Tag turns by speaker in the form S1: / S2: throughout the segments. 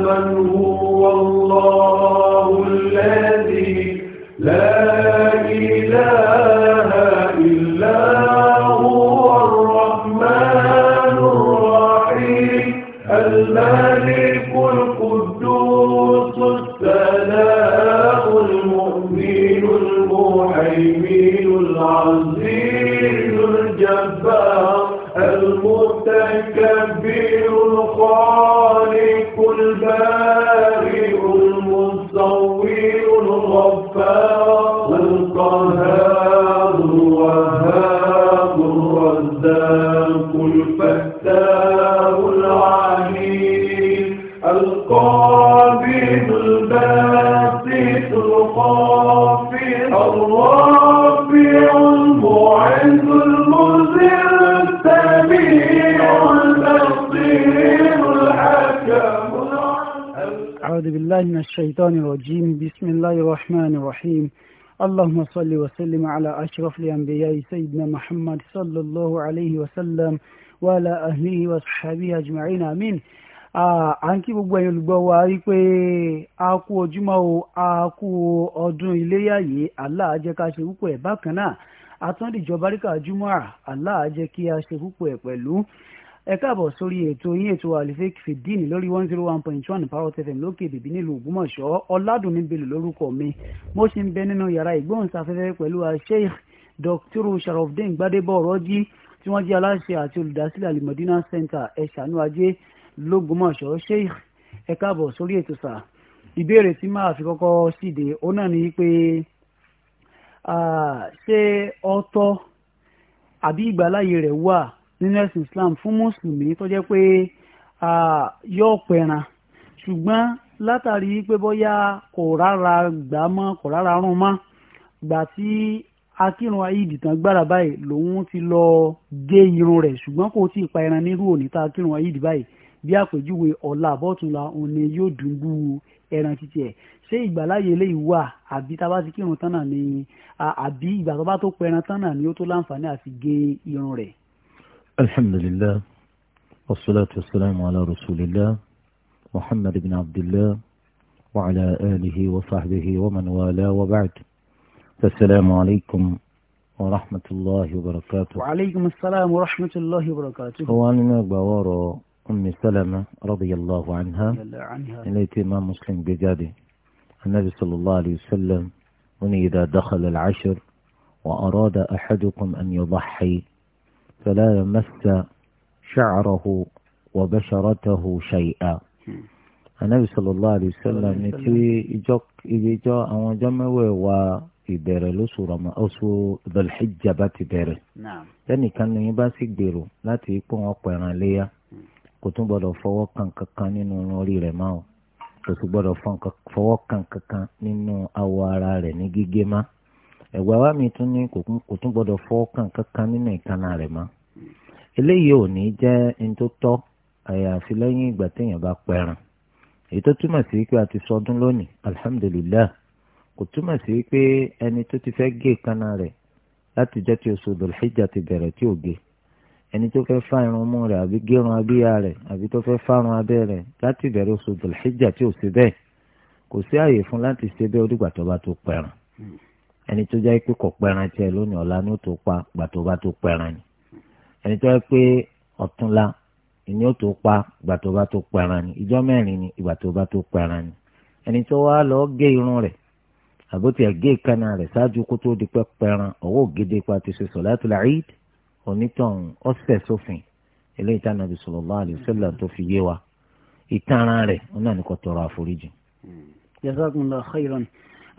S1: من هو الله الذي لا إله
S2: بالله من الشيطان الرجيم بسم الله الرحمن الرحيم اللهم صل وسلم على أشرف الأنبياء سيدنا محمد صلى الله عليه وسلم وعلى أهله وصحبه أجمعين آمين à ń kí gbogbo ẹ̀yin olùgbọ́ wa rí pé a kú ojúmọ́ o a kú ọdún iléyà yìí Allah jẹ́ ká ṣe púpọ̀ ẹ̀ bákan náà àtúndìjọba ríkà júmọ́ àlá jẹ́ kí a ṣe púpọ̀ ẹ̀ pẹ̀lú ẹ káàbọ̀ sórí ètò yín ètò àlìfẹ́ fìdíìnì lórí one zero one point one parrot fm lókè bèbí nílùú ògbómọ̀ṣọ́ ọ̀làdùnní belò lórúkọ mi mo sì ń bẹ nínú yàrá ìgbóhùnsáfẹ́fẹ́ pẹ̀lú sheikh dr sharafdin gbadebo ọ̀rọ̀jì tí wọ́n jẹ́ aláṣẹ àti olùdásílẹ̀ alimọ̀dínà center ẹ̀ṣánú ajé lógbómọ̀ṣọ́ sheikh ẹ káàbọ̀ sórí ètò sà ìbéèrè tí máa fi kọ́kọ́ síde òun náà ni pé ṣé ọ̀tọ̀ àbí ìgbàláyè rẹ̀ wà nínú ẹ̀sìn islam fún mùsùlùmí tó jẹ́ pé yóò pẹran ṣùgbọ́n látàrí pé bóyá kò rárá gbà mọ́ kò rárá rún mọ́ gbà tí akírun ayídì tán gbára báyìí lòun ti lọ gé irun rẹ̀ ṣùgbọ́n kò tí ì pa ẹran nírú òní tá akírun ayídì báyìí bí àpèjúwe ọ̀la àbọ̀túnla òun ni yóò dùn bú ẹran títí ẹ̀ ṣé ìgbàláyè eléyìí wà àbí tá a bá ti kírun tán náà ni àbí ìgbà tó bá tó pẹran tán náà ni ó tó láǹfààní àti gé irun rẹ̀.
S3: الحمد لله والصلاة والسلام على رسول الله محمد بن عبد الله وعلى آله وصحبه ومن والاه وبعد السلام عليكم ورحمة الله وبركاته
S2: وعليكم السلام ورحمة الله وبركاته هو
S3: وعلينا بوارو أم سلمة رضي الله عنها التي ما مسلم بجاده النبي صلى الله عليه وسلم من إذا دخل العشر وأراد أحدكم أن يضحي فلا يمس شعره وبشرته شيئا anabi صلى الله عليه وسلم ìjọ ìjọ àwọn ọjọ́ mẹ́wàá wa ìbẹ̀rẹ̀ lóṣù rọmọ oṣù Dhul-Hijjah bá ti bẹ̀rẹ̀ tẹnìkan ní yín bá sì gbèrò láti pọ wọn pẹran léyà kò tún gbọ́dọ̀ fọwọ́ kan kankan nínú orí rẹ̀ máa kò tún gbọ́dọ̀ fọwọ́ kan kankan nínú awọ ara rẹ̀ ní gígé máa ẹ̀gbà wa mi tún ní kò tún gbọ́dọ̀ fọ́ kankan nínú ìkànnà rẹ̀ mọ́ eléyìí ò ní jẹ́ ní tó tọ́ àyàfi lẹ́yìn ìgbà téèyàn bá pẹran èyí tó túmọ̀ sí pé a ti sọdún lónìí alihamudulilayi kò túmọ̀ sí pé ẹni tó ti fẹ́ gé ìkànnà rẹ̀ láti jẹ́ ti oṣù dòlhíjà ti bẹ̀rẹ̀ tí ò gé ẹni tó fẹ́ fá irun mú rẹ̀ àbí gérun abíyá rẹ̀ àbí tó fẹ́ fárun abẹ́ rẹ̀ láti bẹ̀rẹ̀ oṣù dòlhíjà tí ò sí bẹ́ẹ̀ kò sí àyè fún láti ṣe bẹ́ẹ̀ ó tó bá tó pẹran ẹni tó jẹ́ pé kò pẹran tiẹ̀ lónìí ọ̀la ni ó tó pa gbà tó bá tó pẹran ni ẹni tó jẹ́ pé ọ̀túnla ni ó tó pa gbà tó bá tó pẹran ni ìjọ mẹ́rin ni ìgbà tó bá tó pẹran ni ẹni tó wá lọ gé irun rẹ̀ àbótí ẹ̀gé ìkànnà rẹ̀ ṣáájú kó tó di pẹ́ pẹran ọwọ́ ògidì pa ti ṣe sọ̀látul Eid onítọ̀hún ọ̀sẹ̀ sófin eléyìí tá nàbì sallallahu alaihi wasallam tó fi yé wa ìtara rẹ̀ ọ̀nà ni kò tọrọ àforíjì. Hmm.
S2: jazakumullahu khairan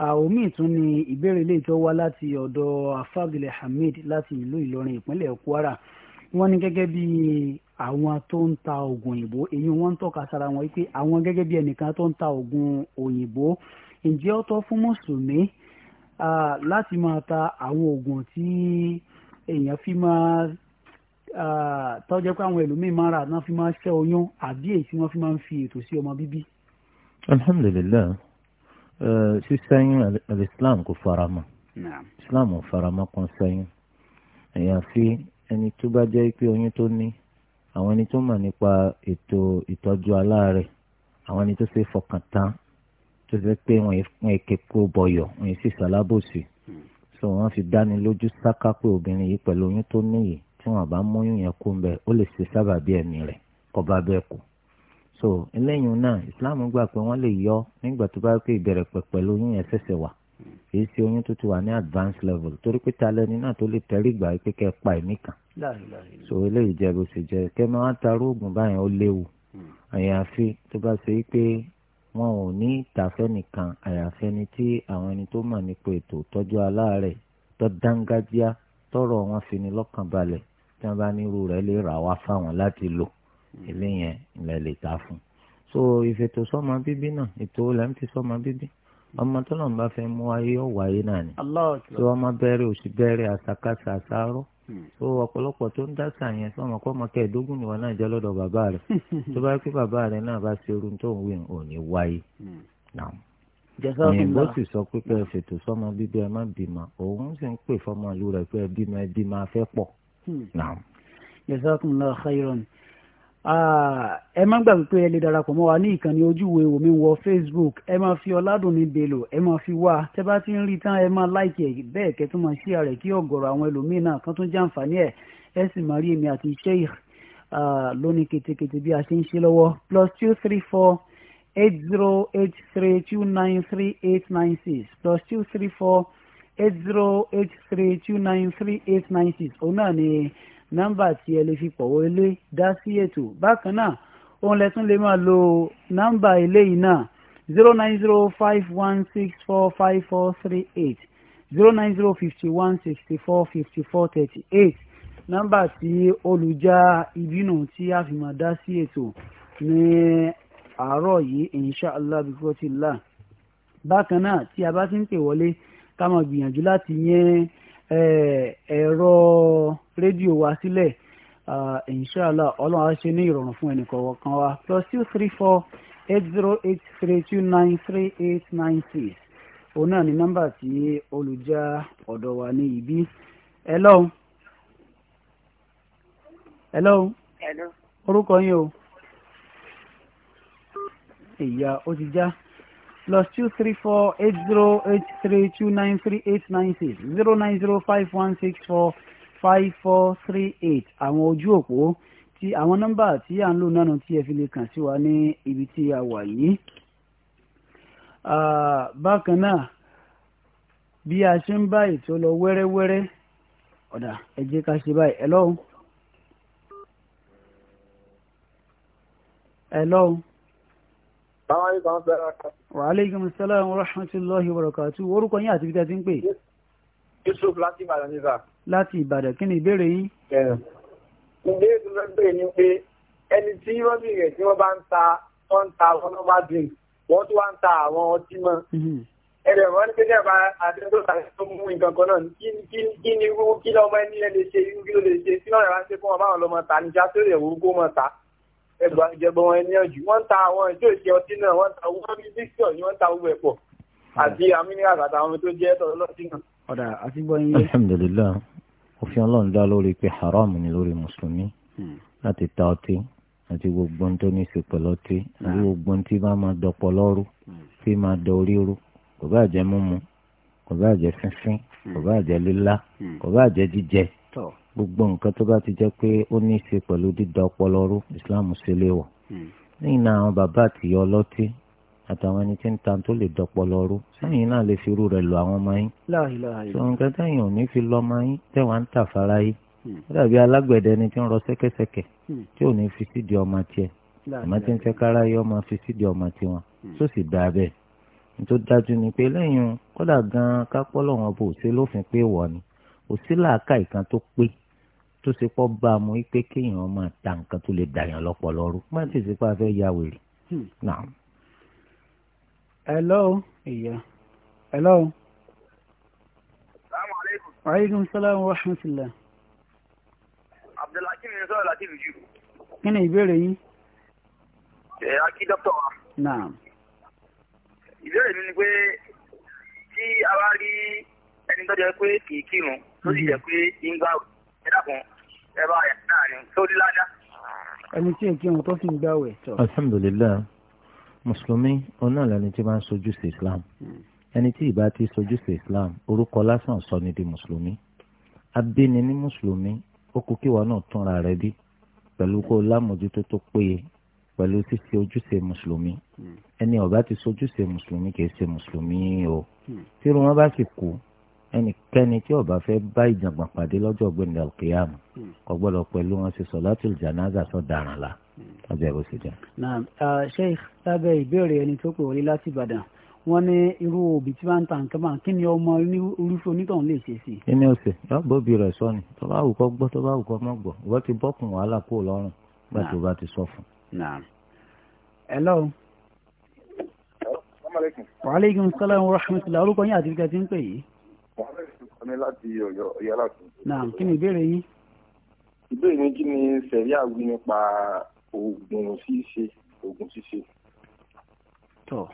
S2: omi tún ni ìbéèrè lè tó wá láti ọ̀dọ̀ afagilẹ hamid láti ìlú ìlọrin ìpínlẹ̀ kwara wọ́n ní gẹ́gẹ́ bí àwọn tó ń ta oògùn òyìnbó èyí wọ́n ń tọ́ka sára wọn pé àwọn gẹ́gẹ́ bí ẹnìkan tó ń ta oògùn òyìnbó ǹjẹ́ ó tọ́ fún mùsùlùmí láti máa ta àwọn oògùn tí èèyàn fi máa tọ́jọ́ pé àwọn ẹlòmíín máa rà náà fi máa ṣẹ́ oyún àbí èyí tí wọ́n fi máa ń fi ètò sí ọmọ bíbí.
S3: alhamdulilayi sísẹ́yìn islam kò faramọ́ islam ò faramọ́ kan sẹ́yìn àyàfi ẹni tó bá jẹ́ pé oyún tó ní àwọn ẹni tó mọ̀ nípa ètò ìtọ́jú aláàárẹ̀ àwọn ẹni tó ṣe fọkàn tán tó ṣe pé wọ́n èké kó bọ̀yọ̀ wọ́n sì ṣàlábòsí hmm. so wọ́n fi dáni lójú sáká pé obìnrin yìí pẹ̀lú oyún tó níyì tí wọ́n bá mọ́yún yẹn kú ń bẹ̀ ó lè ṣe sábàbí ẹ̀mí rẹ̀ kọ́ bá bẹ́ẹ̀ kú so eléyìí náà Islam gbà pé wọ́n lè yọ nígbà tó bá pé ìbẹ̀rẹ̀ pẹ̀pẹ̀ lóyún yẹn ṣẹ̀ṣẹ̀ wà kìí ṣe oyún tó ti wà ní advance level torí pé talẹ́ni náà tó lè tẹ́rí ìgbà pé kẹ́ ẹ pa ẹ̀mí kan so eléyìí jẹ́ bó ṣe jẹ́ kẹ́mi wá taró oògùn báyẹn ó léwu hmm. àyàfi tó bá ṣe pé wọn ò ní ìtafẹ́ nìkan àyàfi ẹni tí àwọn ẹni tó mọ̀ nípa ètò tọ́jú aláàárẹ̀ tó dángájíá tọrọ wọn fi ni lọ́kàn balẹ̀ tí wọ́n bá nírú rẹ̀ lè rà fáwọn láti lò eléyẹn ilẹ̀ lè ta fún so ìfètò sọmọ bíbí náà ètò olè ń fi sọmọ bíbí ọmọ tó náà bá fẹ́ mú ayé ọ̀wà ayé náà ni tí wọ́n máa bẹ̀rẹ̀ òsì bẹ̀rẹ̀ àsakásà àsáró hmm. so ọ̀pọ̀lọpọ̀ tó ń dásà yẹn tí wọ́n kọ́ ọmọ kẹẹ̀ẹ́dógún ni wọn náà jẹ́ lọ́dọ̀ bàbá rẹ̀ tó bá pé bàbá rẹ̀ náà bá ṣe irun tó ń wí ò ní wáyé hmm. náà òyìnbó sì sọ pé pé fètò sọmọ bíbí ẹ má bímọ òun sì ń pè fọmọ ìlú rẹ̀ pé ẹ bímọ ẹ bímọ afẹ́ pọ̀ hmm. náà
S2: ẹ má gbàgbé pé ẹ lè darapọ̀ mọ́ wa ní ìkànnì ojúwe omi wọ facebook ẹ máa fi ọ̀làdùnní belò ẹ máa fi wá tẹ bá ti ń rí tán ẹ máa láìkì ẹ bẹ́ẹ̀ kẹ́ tó máa ṣí ààrẹ kí ọ̀gọ̀rọ̀ àwọn ẹlòmíín náà kan tún jàǹfààní ẹ̀ ẹ sì máa rí èmi àti sheikh lónìí ketekete bí a ṣe ń ṣe lọ́wọ́ plus two three four eight zero eight three two nine three eight nine six plus two three four eight zero eight three two nine three eight nine six òun náà ni nọ́mbà tí ẹ lè fi pọ̀wọ́ ilé dá sí ètò bákan náà òun lẹ tún lè máa lo nọ́mbà eléyìí náà zero nine zero five one six four five four three eight zero nine zero fifty one sixty four fifty four thirty eight nọ́mbà tí olùjà ìbínú tí a fi máa dá sí ètò ní àárọ̀ yìí inshàlá bíkọ́tìlá bákan náà tí a bá ti ń pè wọlé ká máa gbìyànjú láti yẹn eh, ẹ̀rọ. Eh, rédíò wa sílẹ̀ inshàlá ọlọ́run á ṣe ní ìrọ̀rùn fún ẹnì kọ̀ọ̀kan wa plus two three four eight zero eight three two nine three eight nine six òun náà ni nọ́mbà tí olùjá ọ̀dọ̀ wa ní ibí. hello. hello. hello. orúkọ yín o. ìyá ó ti já plus two three four eight zero eight three two nine three eight nine six zero nine zero five one six four five four three eight àwọn ojú òpó tí àwọn nọ́mbà tí à ń lò náà tí ẹ fi lè kàn sí wa ní ibi tí a wà yìí. bákan náà bí a ṣe ń bá ètò lọ wẹ́rẹ́wẹ́rẹ́ ọ̀dà ẹ jẹ́ ká ṣe báyìí ẹ lọ́hùn. ẹ lọ́hùn. Wa alaikum salaam wa rahmatullahi wa barakatuh. Orúkọ yín àti bí tẹ́ ti ń pè.
S4: Yusuf láti Ìbàdàn nígbà.
S2: Láti Ìbàdàn, kí ni ìbéèrè yín?
S4: Ìbéèrè tó fẹ́ bèèrè ni pé ẹni tí wọ́n bì rẹ̀ tí wọ́n bá ń ta wọ́n ń ta wọn lọ́wọ́ drink, wọ́n tún wá ń ta àwọn ọtí mọ́. Mhm. Ẹ̀rẹ̀ wọ́n ní pẹ́jẹ́ bá àdúgbò tó mú nǹkan kan náà kí ni irú kí lọ́mọ ẹni ẹ lè ṣe irú kí ló lè ṣe sí ọ̀rẹ́ ránṣẹ́ fún ọba àwọn ọmọ ta ní já tó rẹ̀ wọ́n kó mọ̀ ta. Ẹgbà ìjẹ̀bọ̀ wọn ẹni ọ̀jù. Wọ́n ń ta àwọn ìjọ ìṣe ọtí náà, wọ́n ń ta owó ní bíkítọ̀ ni wọ́n ń ta owó ẹ̀pọ̀ àti àmínírà àtàwọn tó jẹ́ tọ̀lọ́tì náà
S2: ọ̀dà àti gbọ́yìn.
S3: alhamdulilayi òfin ọlọ́run dá lórí pé haram ni lórí mùsùlùmí hmm. láti ta ọtí àti gbogbo ohun tó ní í ṣe pẹ̀lú ọtí àti ah. gbogbo ohun tí bá máa dọ̀pọ̀ lọ́rù hmm. tí máa dọ̀ orí rú kò bá jẹ́ mímu kò bá jẹ́ fínfín kò bá hmm. jẹ́ lílá kò bá jẹ́ jíjẹ gbogbo nǹkan tó bá ti jẹ́ pé ó ní ṣe pẹ̀lú dídọ̀ ọpọlọ Islam ṣe léwọ̀. lẹ́yìn àwọn bàbá àtìyá ọlọ́tí àtàwọn ẹni tí ń ta tó lè dọpọ lọrú sẹ́yìn náà lè fi irú rẹ̀ lọ àwọn ọmọ yín. sọ̀rọ̀ sẹ́yìn ò ní fi lọ ọmọ yín tẹ̀wá ń tà fara yín. Hmm. ó dàbí alágbẹ̀dẹ ni tí ń rọ sẹ́kẹ́sẹ́kẹ́ hmm. tí ò ní fi sídìí ọmọ tiẹ̀ àmọ́ tí ń fẹ́ kára yọ ọmọ fi sídìí ọmọ tiwọn hmm. tó sì dáa bẹ́ẹ̀. tó dájú ni pé lẹ́yìn kódà gan-an kápọ́lọ̀ wọn bò sí lófin pé wọ̀ ni kò sí làákà ìkan tó pé tó ṣe pọ́ bá a mú pé kéèyàn máa ta tó lè dàyàn lọ́pọ̀ lọ́rú má ti ṣe fẹ́ ya wèrè
S2: hello ìyá hello.
S4: salaamaleykum.
S2: aleykum salaam wa rahmatulah.
S4: abdulhakeem ni sọ́dọ̀ láti lùjú.
S2: kí ni ìbéèrè yín.
S4: ṣe akí dókítà wa. naam. ìbéèrè mi ni pé tí a bá rí ẹni tó jẹ pé kì í kírun tó sì jẹ pé ń gbà ẹ dàpọ̀ ẹ bá yà náà
S2: tó rí ládàá. ẹni tí èkìrun tó sì ń gbà wẹ̀ tọ̀.
S3: alhamdulilayi mùsùlùmí ọ̀nà lẹni tí bá ń sojú sí islam hmm. ẹni tí ìbá ti sojú sí islam orúkọ lásán sọ ni di mùsùlùmí abíni ní mùsùlùmí ó kú kí wọn náà túnra rẹ̀ bí pẹ̀lú kó lámòjútó tó péye pẹ̀lú ṣíṣe ojúṣe mùsùlùmí hmm. ẹni ọ̀bá ti sojúṣe mùsùlùmí kì í ṣe mùsùlùmí o hmm. tí irun wọn bá sì kú ẹnikẹ́ni tí ọba fẹ́ bá ìjàngbọ̀n pàdé lọ́jọ́ ọ̀gbẹ́ni alkiyam kò gbọ́dọ̀ pẹ̀lú wọn ṣe sọ̀látùl jánásà sọ̀daràn la ọjọ́ ìbò ṣe jẹ́.
S2: ṣé lábẹ́ ìbéèrè ẹni tó pè wọlé láti Ìbàdàn wọ́n ní irú òbí tí wọ́n ń ta nǹkan máa kí ni ọmọ irúfẹ́ onítọ̀hún lè ṣe sí. kí
S3: ni ó ṣe yọ bóbi rẹ̀ sọ ni tó bá wù kó gbọ́ tó bá wù kó má gbọ́ ìwọ ti bọ́kùn wàhálà kó lọ́rùn gbà tó bá ti sọ fún.
S2: hello. wa aleykum salaam wa rahmatulah orúkọ yín àti ibi tí ń pè yìí.
S4: wàhálà ìṣòro mi láti Ọ̀yọ́ Ọ̀yọ́ láti. naam kí
S2: ni ìbéèrè yín.
S4: ìbéèrè mi oògùn ṣíṣe oògùn ṣíṣe.
S3: tọ́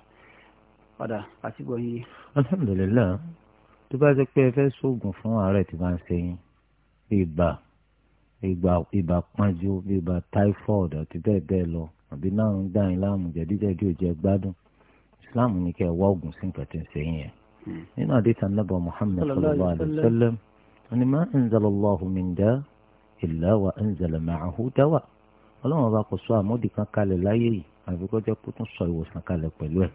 S3: padà àti gbọ̀nyí. alhamdulilayi tó bá jẹ́ pé ẹ fẹ́ sóògùn fún àárẹ̀ tí máa ń ṣe yín ibà ibà ibà pọ́njú ibà typhoid àti bẹ́ẹ̀ bẹ́ẹ̀ lọ àbí náà ń dá yín láàmú jẹ̀díjẹ̀dí ò jẹ́ gbádùn islam ní kẹ́ ẹ wá oògùn sí nǹkan tí ń ṣe yẹn. Hmm. nínú àdìsá nàbà muhammed sallallahu alayhi wa sallam ni ma anzalallahu min da illa wa anzala ma'ahu dawa ọlọ́run ọba kò sọ àmódì kan kalẹ̀ láyé yìí àfi kó jẹ́ kó tún sọ ìwòsàn kalẹ̀ pẹ̀lú ẹ̀.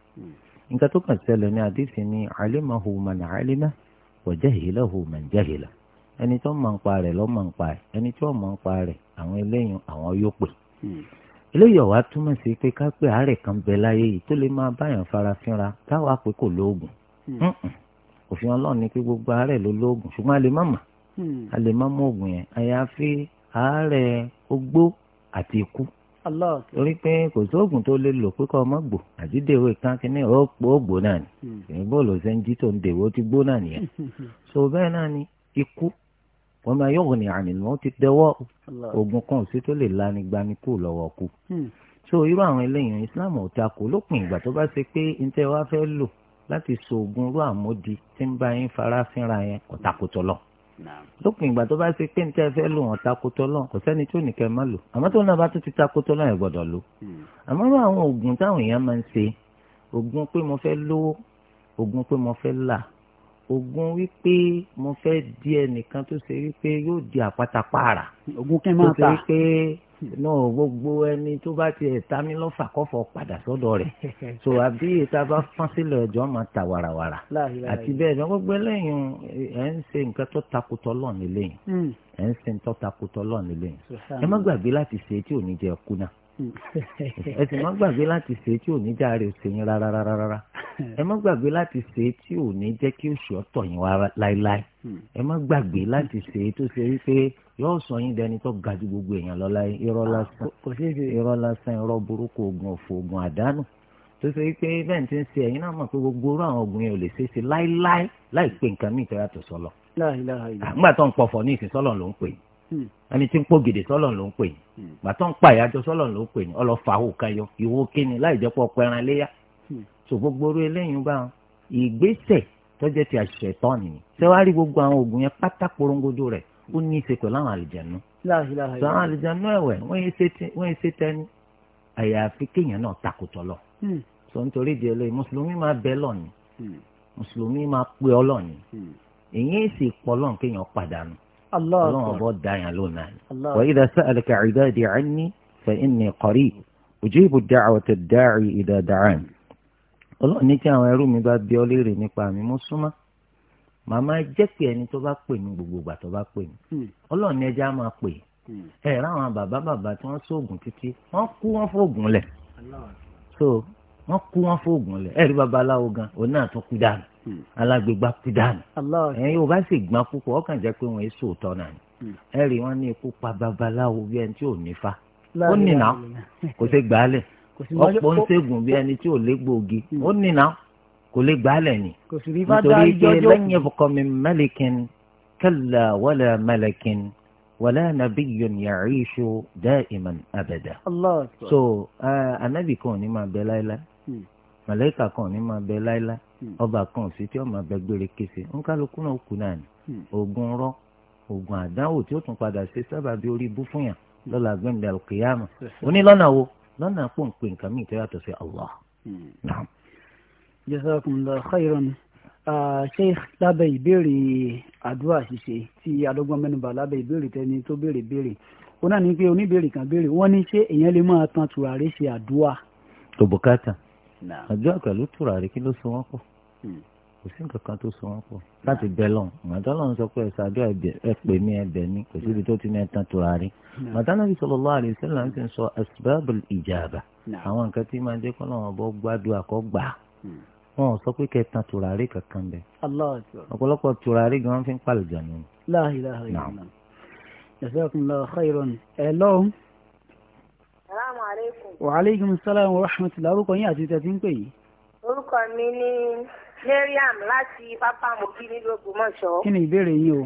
S3: nǹkan tó kàn ṣẹlẹ̀ ní àdìsí ni alimahu man alima wa jahilahu man jahila ẹni tó mọ̀ ń pa rẹ̀ ló mọ̀ ń pa rẹ̀ ẹni tó mọ̀ ń pa rẹ̀ àwọn eléyìn àwọn yóò pè. eléyìí ọ̀wá túmọ̀ sí pé ká pé àárẹ̀ kan bẹ láyé yìí tó lè máa báyàn farafinra táwa pé kò lóògùn. òfin ọlọ́run ni pé gbogbo àárẹ̀ ló lóògùn ṣùgbọ́n a lè má mọ̀ hmm. a lè má mọ̀ òògùn yẹn àyàfi àárẹ̀ ogbó àti ikú torí pé kò sóògùn tó lè lò pé kọ́ ọmọ gbò àti dèwé kan kí ní ọ̀gbò náà ni hmm. èyí bọ́ọ̀lù ṣe ń jí tó ń dèwé ti gbó náà nìyẹn so bẹ́ẹ̀ náà ni ikú wọn máa yọ̀wọ̀ ní àmì wọn ti dẹwọ́ oògùn kan sí tó lè lani gbani kú lọ́wọ́ kú hmm. so irú àwọn eléyìí Islam ò takò lópin ìgbà tó bá ṣe pé ntẹ wá fẹ́ lò láti so oògùn irú àmódi tí ń bá yín fara yẹn kò lópin ìgbà tó bá ṣe pé níta fẹ́ lò wọ́n takotọ́ lọ́n kò sẹ́ni tó nìkẹ́ má lò àmọ́ tó náà bá tún ti takotọ́ lọ́n ẹ̀ gbọ́dọ̀ lò hmm. àmọ́ àwọn oògùn táwọn èèyàn máa ń ṣe oògùn pé mo fẹ́ lówó oògùn pé mo fẹ́ là oògùn wípé mo fẹ́ di ẹnìkan tó ṣe wípé yóò di àpáta pààrà oògùn kí n máa ta tó ṣe wípé náà gbogbo ẹni tó bá ti ẹ̀ta mi lọ́fà kọ́fọ́ padà sọ́dọ̀ rẹ̀ so àbí ìta bá fọ́n sílẹ̀ ọjọ́ máa ta wàràwàrà àti bẹ́ẹ̀ náà gbogbo ẹlẹ́yìn ẹ̀ ń ṣe nǹkan tó takùtọ̀ lọ́ọ̀ nílé yìí hmm. ẹ̀ ń ṣe nǹkan tó takùtọ̀ lọ́ọ̀ nílé ẹ má gbàgbé láti ṣe tí ò ní jẹ́ kú náà
S1: ẹ sì má gbàgbé
S3: láti ṣe tí ò ní járe ò sèyìn rárá rárá rárá ẹ má gbàgbé láti ṣe tí ò ní jẹ́ kí oṣù ọ̀tọ̀ yín wá láéláé hmm. ẹ má gbàgbé láti ṣe tó ṣe wípé yóò sọ yín dẹni tó ga ju gbogbo èèyàn lọ láyé irọ́ ah, lásán irọ́ lásán irọ́ burúkú oògùn òfò oògùn àdánù tó ṣe wípé bẹ́ẹ̀ ti ń ṣe ẹ̀yin náà mọ̀ pé gbogbo orú àwọn oògùn yẹn ò lè ṣe é ṣe láéláé láì pé nǹkan míì tó yàtọ̀ sọ́lọ̀ nígbà tó ń Hmm. ẹni tí ń pò gèdè sọ́lọ̀ ló ń pè ní hmm. gbàtọ́ ń pàyàjọ sọ́lọ̀ ló ń pè ní ọlọ́fà ò kan yọ ìwọ kíni láì jẹ́ pọ̀ pẹran léyà tó hmm. gbogbo orí eléyìí bá wọn ìgbésẹ̀ tọ́jẹ́ ti àṣẹ tán nìyí sẹ́wárí gbogbo àwọn oògùn yẹn pátá porongodo rẹ̀ ó ní í ṣe pẹ̀lú àwọn àlìjẹ̀nu
S2: sọ àwọn àlìjẹ̀nu
S3: ẹ̀wẹ̀ wọ́n yẹn ṣe tẹ́ni àyàfi kéèyàn náà takùtọ̀ lọ sọ nítorí di ẹlẹ́yìn mùsùlùmí máa bẹ́ lọ́ọ̀ni mùsùlùmí máa pé ọlọ́ọ̀ni èyí sì pọ̀ lọ́ọ̀n kéèyàn pàdánù ọlọ́run ọ̀bọ dàyàn lónà ni wa idha sa'alaka ibadi anni fa inni qarib ujibu da'wata da'i idha da'an ọlọ́run ní kí àwọn ẹrú mi bá bi ọ́ léèrè nípa mi mo súnmọ́ màmá jẹ́ pé ẹni tó bá pè mí gbogbo ìgbà tó bá pè mí hmm. ọlọ́run ní ẹja máa pè hmm. ẹ ráwọn bàbá bàbá tí wọ́n sóògùn títí wọ́n kú wọ́n fóògùn lẹ̀ so wọ́n kú wọ́n fóògùn lẹ̀ ẹ̀rí babaláwo gan òun náà tún kú dànù Hmm. alágbègbà ti dànù ẹ̀yin yóò bá sì gbọ́n púpọ̀ ọkàn jẹ́ pé wọ́n èso òótọ́ náà ni hmm. ẹ rí wọn ní ikú pa babaláwo bí ẹni tí ò nífa ó nìna kò sí gbàálẹ̀ ọ̀pọ̀ ń ṣègùn bí ẹni tí ò légbòogi hmm. ó nìna kò lè gbàálẹ̀ ni nítorí pé lẹ́yìn ẹ̀fọ́kọ́ mi mẹ́lẹ̀kìn kalla wala mẹ́lẹ̀kìn wala nabiyun ya'ishu da'iman abada. so anabi kan ò ní máa bẹ láéláé màlẹ́kà kan ní máa bẹ láíláí hmm. ọba kan sí tí ó máa bẹ gbére kése nkálukú náà kù náà ni hmm. oògùn rọ oògùn àdánwò tí ó tún padà ṣe sábà bí orí ibú fún yàn hmm. lọ́la gbẹ̀ndẹ̀ alkiyama onílọ́nà wo lọ́nà pò ń pè nǹkan míì tó yàtọ̀ sí Allah. jazakumullahu khairan sheikh lábẹ́ ìbéèrè
S2: àdúrà ṣíṣe tí adọ́gbọ́n mẹ́nubà lábẹ́ ìbéèrè tẹni tó béèrè béèrè ó náà ní pé oníbèrè kan béèrè wọ́n ní ṣé èèyàn lè máa tan tùràrí ṣe àdúrà.
S3: tó àdúrà pẹ̀lú tùràrí kí ló so wọ́n pọ̀ hmm. kò sí nǹkan kan tó so wọ́n pọ̀ láti bẹ lọ́n màtálọ́ ń sọ pé ẹ̀sà àdúrà ẹ pè mí ẹ bẹ̀ mí kò síbi tó ti ní ẹ̀tàn tùràrí màtálọ́ bí sallallahu alaihi wasallam ti ń sọ asbabul ijaba àwọn nǹkan tí máa jẹ́ kọ́ lọ́wọ́ bọ́ gbádùn àkọ́ gbà hmm. wọn ò sọ pé kẹtàn tùràrí kankan bẹ ọ̀pọ̀lọpọ̀ tùràrí gan fi ń pàlùjọ nù.
S4: Assalamu alaikum. Wa
S2: alaikum salam wa rahmatullahi orúkọ yín àti tẹ̀sí ń pè yìí.
S4: Orúkọ mi ni Mariam láti Pápámọ́kí nílùú Ògbómọ̀ṣọ́. Kí ni ìbéèrè yín o?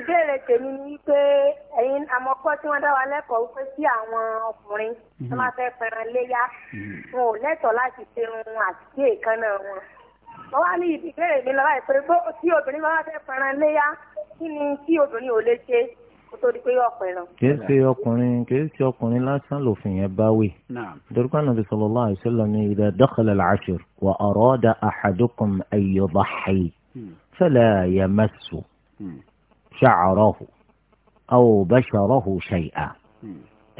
S4: Ìbéèrè tèmi ni wípé ẹ̀yin amọ̀kọ́ tí wọ́n dá wa lẹ́kọ̀ọ́ wípé sí àwọn ọkùnrin tó máa mhm. fẹ́ fẹ́ràn léyà mhm. wọn ò lẹ́tọ̀ọ́ láti ṣe irun àti sí èékánná wọn. Wọ́n wá ní ìbéèrè mi lọ́wọ́ ìpè tí obìnrin bá fẹ́ fẹ́ràn léyà kí ni tí obìnrin ò lè ṣe kìí ṣe
S3: ọkùnrin kìí ṣe ọkùnrin lásán lòfin yẹn bá wè. torí pé Ànábì sallallahu alaihi wasallam ní idha dakhala al-'ashr wa arada ahadukum an yudahhi fala yamassu sha'rahu aw basharahu shay'an.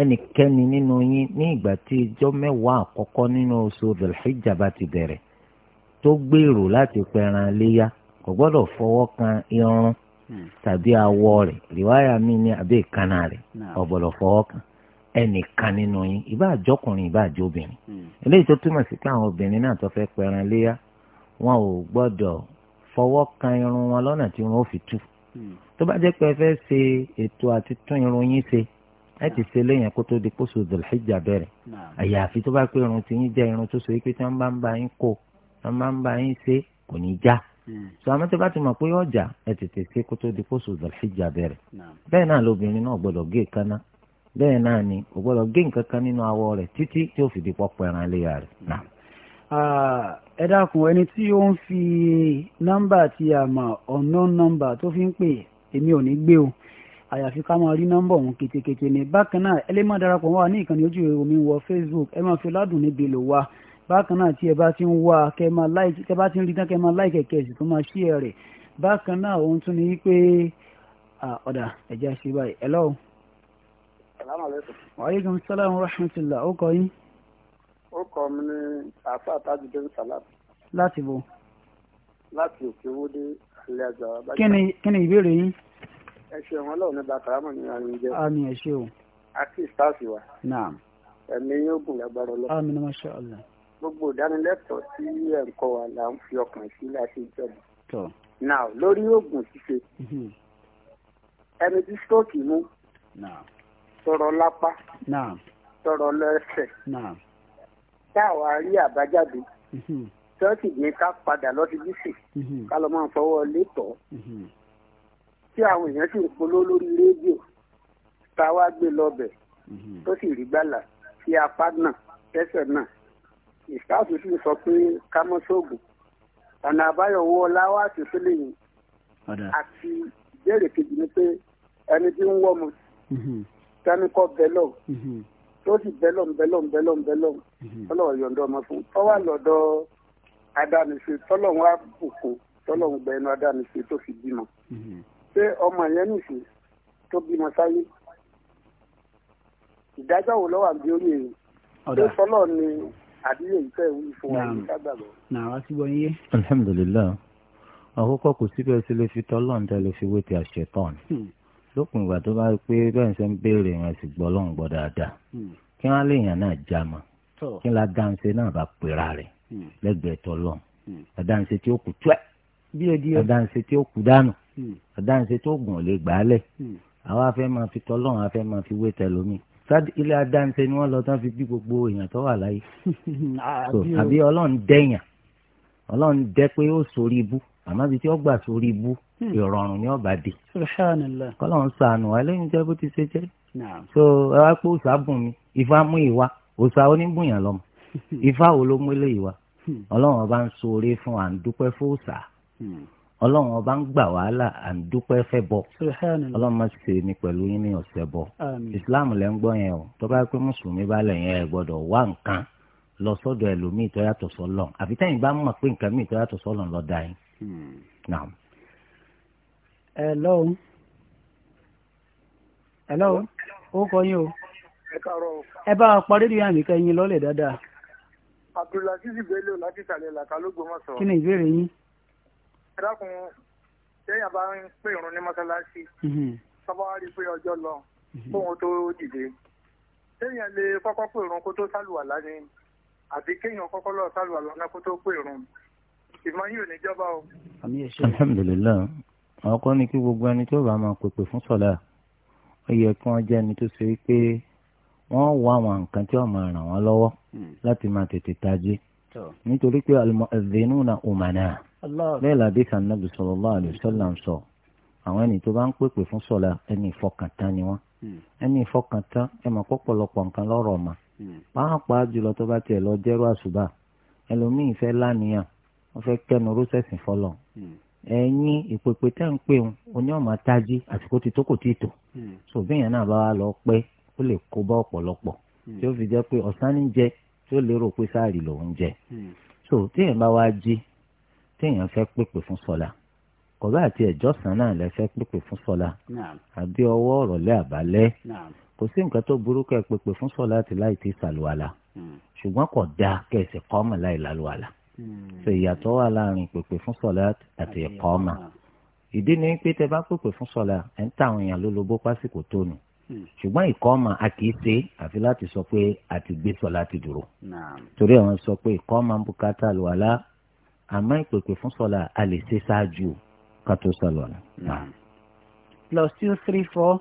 S3: ẹnikẹ́ni nínú yín ní ìgbà tí ijọ́ mẹ́wàá àkọ́kọ́ nínú oṣù dhul ti bẹ̀rẹ̀ tó gbèrò láti pẹran léyà kò gbọ́dọ̀ fọwọ́ kan irun tàbí awọ rẹ̀ rìwáyà mi ní àbí ìkànnà rẹ̀ ọ̀bọ̀lọ̀ fọwọ́ kan ẹnìkan nínú yín ìbá àjọkùnrin ìbá àjọbìnrin hmm. eléyìí tó túmọ̀ sí pé àwọn obìnrin náà tó fẹ́ pẹran léyà wọn ò gbọ́dọ̀ fọwọ́ kan irun wọn lọ́nà tí wọn ò fi tú hmm. tó bá jẹ́ pé ẹ fẹ́ ṣe ètò àti tún irun yín ṣe ẹ ti ṣe léyìn kó tó di kóso dòlhíjà bẹ̀rẹ̀ àyàfi tó bá pé irun ti yín jẹ́ irun tó so yí pé tí wọ́n bá ń ba yín kó wọ́n bá ń ba yín ṣe kò ní já. Hmm. sọ àmọ́ tí bá ti mọ̀ pé ọjà ẹ tètè ṣe kó tó di kó sùn zọlhíjà bẹ̀rẹ̀ bẹ́ẹ̀ náà lóbìnrin náà gbọ́dọ̀ gé kaná bẹ́ẹ̀ náà ni kò gbọ́dọ̀ gé nǹkan kan nínú awọ rẹ̀ títí tí ó fi di pọ́pọ́ ẹran léyà rẹ̀
S2: ah, ẹ dákun ẹni tí ó ń fi nọ́mbà tí a mọ̀ ọ̀nà nọ́mbà tó fi ń pè èmi ò ní gbé o àyàfi ká máa rí nọ́mbà òun ketekete ni bákan náà ẹ lè má darapọ̀ wá ní ìkànnì ojú omi wọ Facebook ẹ máa fi ládùn níbi lò wá bákan náà tí ẹ bá ti ń wá kẹ máa láì kẹ bá ti ń rí tán kẹ máa láì kẹkẹ sì tó máa ṣí ẹ rẹ bákan náà òun tún ní pé ọ̀dà ẹ̀jẹ̀ ṣe báyìí ẹ̀ lọ́wọ́. Wàhálà sálàmù rahmatullah ó kọ yín.
S4: Ó kọ mi ní àfa àtàjùdé Salam. Láti bo. Láti òkè owó dé ilé ẹjọ́ abájá. Kí ni
S2: kí ni ìbéèrè yín?
S4: Ẹ ṣe wọn lọ́wọ́ nípa kàrámọ̀ ní àrùn jẹ́. Àmín ẹ ṣé o. Àti ìsáàsì wa. Naam. Ẹ̀mí yóò gùn lágbára lọ.
S2: Àmín masha Allah
S4: gbogbo ìdánilẹ́kọ̀ọ́ tí ẹ̀ ń kọ́ wa là ń fi ọkàn sí láti ìjọba. now lórí oògùn
S2: ṣíṣe mhm.
S4: ẹni tí stroke mú tọrọ lápá tọrọ lẹ́sẹ̀ tá a wá rí àbájáde ṣọ́ọ̀ṣì mhm. ní ká padà lọ sí bísí mhm. ká lọ máa fọwọ́ létọ́ tí àwọn èèyàn sì ń polówó lórí rédíò tá a wá gbé lọ bẹ̀ tó sì rí gbàlà sí apá náà tẹ́sẹ̀ náà ìsáàfù sì sọ pé ká mọ́ sóògùn ọ̀nà àbáyọ owó ọlá wà sí àti ìbéèrè kejì ni pé ẹni tí ń wọ́ mu mhm. tẹ́ni kọ́ bẹ́lọ̀ mhm. tó sì bẹ́lọ̀ bẹ́lọ̀ bẹ́lọ̀ bẹ́lọ̀ tọ́lọ̀ mhm. yọ̀ǹda ọmọ fún tọ́wà lọ́dọ̀ adániṣe tọ́lọ̀ wọn á bùkù tọ́lọ̀ ń gbẹ inú adániṣe tó fi bímọ ṣé ọmọ yẹn nìṣe tó bímọ sáyé ìdájọ́ wo lọ́wọ́ àbí oyè yìí ṣé sọ́lọ́ ni àbí èyí tẹ̀ wí fún wa
S3: ní
S2: sábàbọ̀. nà wá sí bọyé.
S3: alhamdulilayi àkọ́kọ́ kò síbẹ̀ sí lè fi tọ́lọ́n tẹ́ lè fi wé ti àṣetán hmm. lópin ìgbà tó bá rí pé bẹ́ẹ̀ ṣe ń béèrè yẹn sì gbọ́ lọ́hùn gbọ́ dáadáa hmm. kí wọ́n lè yàn náà já mọ́ kí wọ́n la dáńṣe náà bá pera rẹ̀ hmm. lẹ́gbẹ̀ẹ́ tọ́lọ́n àdáǹṣe tí ó kù tíwẹ́ àdáǹṣe tí ó kù dànù àdáǹṣe tó gùn ò lè gbàálẹ̀ àwa fẹ́ máa fi tọ́lọ́n àwa fẹ́ máa fi wé tẹ lómi ilé adáǹtẹ ni wọ́n lọ tán fi bí gbogbo èèyàn tó wà láyé
S2: ah, àbí
S3: ọlọ́run dẹ̀yàn ọlọ́run dẹ́ pé ó sórí ibú àmọ́ ibi tí ó gbà sórí ibú hmm. ìrọ̀rùn ni ọba dé kọ́lọ́run sànù ẹlẹ́yin jẹ́ bó ti ṣe jẹ́ so ẹ wá pé òòṣà bùn mi ìfá mú ìwà òòṣà oníbùyàn lọ́mọ ìfá wo ló mú eléyìí wá hmm. ọlọ́run ọba ń ṣoore fún à ń dúpẹ́ fóòṣà ọlọ́run ọba ń gbà wàhálà à ń dúpẹ́ fẹ́ bọ ọlọ́run má ṣe ní pẹ̀lú yín ní ọ̀sẹ̀ bọ ìsìláàmù lẹ́ ń gbọ́ yẹn o tó bá pé mùsùlùmí bá lẹ̀ yẹn ẹ̀ gbọ́dọ̀ wá nǹkan lọ sọ́dọ̀ ẹlòmíì tó yàtọ̀ sọ́lọ̀ àfi tẹ́yìn bá mọ̀ pé nǹkan míì tó yàtọ̀ sọ́lọ̀ lọ da yín.
S2: Hmm. hello hello ó kọ yín o ẹ bá a parí rí àmì kẹyìn lọ́lẹ̀ dáadáa.
S4: abdulaziz bello láti sàlẹ̀ làkà ló ẹ̀dákun téèyàn bá ń pè irun ní mọ́sálásí sábà mhm. wá rí i pé ọjọ́ lọ mhm. kóhun tó dìde téèyàn lè kọ́kọ́ pè irun kó tó sálùwàlá ni àbí kéèyàn kọ́kọ́ lọ sálùwàlá náà kó tó pè irun ìmọ̀ yìí ò ní jọba o.
S3: alhamdulilayi ọkọ ni kí gbogbo ẹni tó bá máa pèpè fún sọlá ó yẹ kí wọn jẹ ẹni tó ṣe pé wọn wá àwọn nǹkan tí wọn máa ràn wọn lọ́wọ́ hmm. láti máa tètè tají nítorí pé al na umana. bẹ́ẹ̀ làdí kan nàbì sallallahu alaihi wasallam sọ àwọn ẹni tó bá ń pèpè fún sọ̀la ẹni ìfọkàntán ni wọ́n hmm. ẹni ìfọkàntán ẹ mọ̀ pọ̀pọ̀lọpọ̀ nǹkan lọ́rọ̀ mà hmm. pàápàá jùlọ tó bá tiẹ̀ lọ jẹ́rú àṣùbà ẹlòmíì fẹ́ lánìyàn wọ́n fẹ́ kẹnu rọ́sẹ̀sì fọlọ́ hmm. ẹ̀yin ìpèpè tẹ́ ń pè ń oní tají lọ pé ó so téèyàn fẹ́ pèpè fún sọ́la kọ̀bá àti ẹ̀jọ́sán náà lẹ fẹ́ pèpè fún sọ́la àbí ọwọ́ ọ̀rọ̀lẹ́ àbálẹ́ kò sí nǹkan tó burú kẹ́ ẹ pèpè fún sọ́la àti láì tí sàlùwàlà hmm. ṣùgbọ́n kò dáa kẹ́ ẹ sì kọ́mọ̀ láì lálùwàlà ṣe hmm. ìyàtọ̀ wà láàrin pèpè fún sọ́la àti ìkọ́mọ̀ ìdí ni pé tẹ bá pèpè fún sọ́la ẹ̀ ń táwọn èèyàn lólobó pásìkò tónu hmm. ṣùgbọ́n ìkọ́mà a kì í ṣe àfi láti sọ pé a ti gbé sọ láti dúró. torí àwọn sọ pé ìkọ́mà ń bùkátà àlùwàlá àmọ́ ìpèpè fún sọlá a lè ṣe ṣáájú ká tó sọlọ náà. Hmm.
S2: plus two three four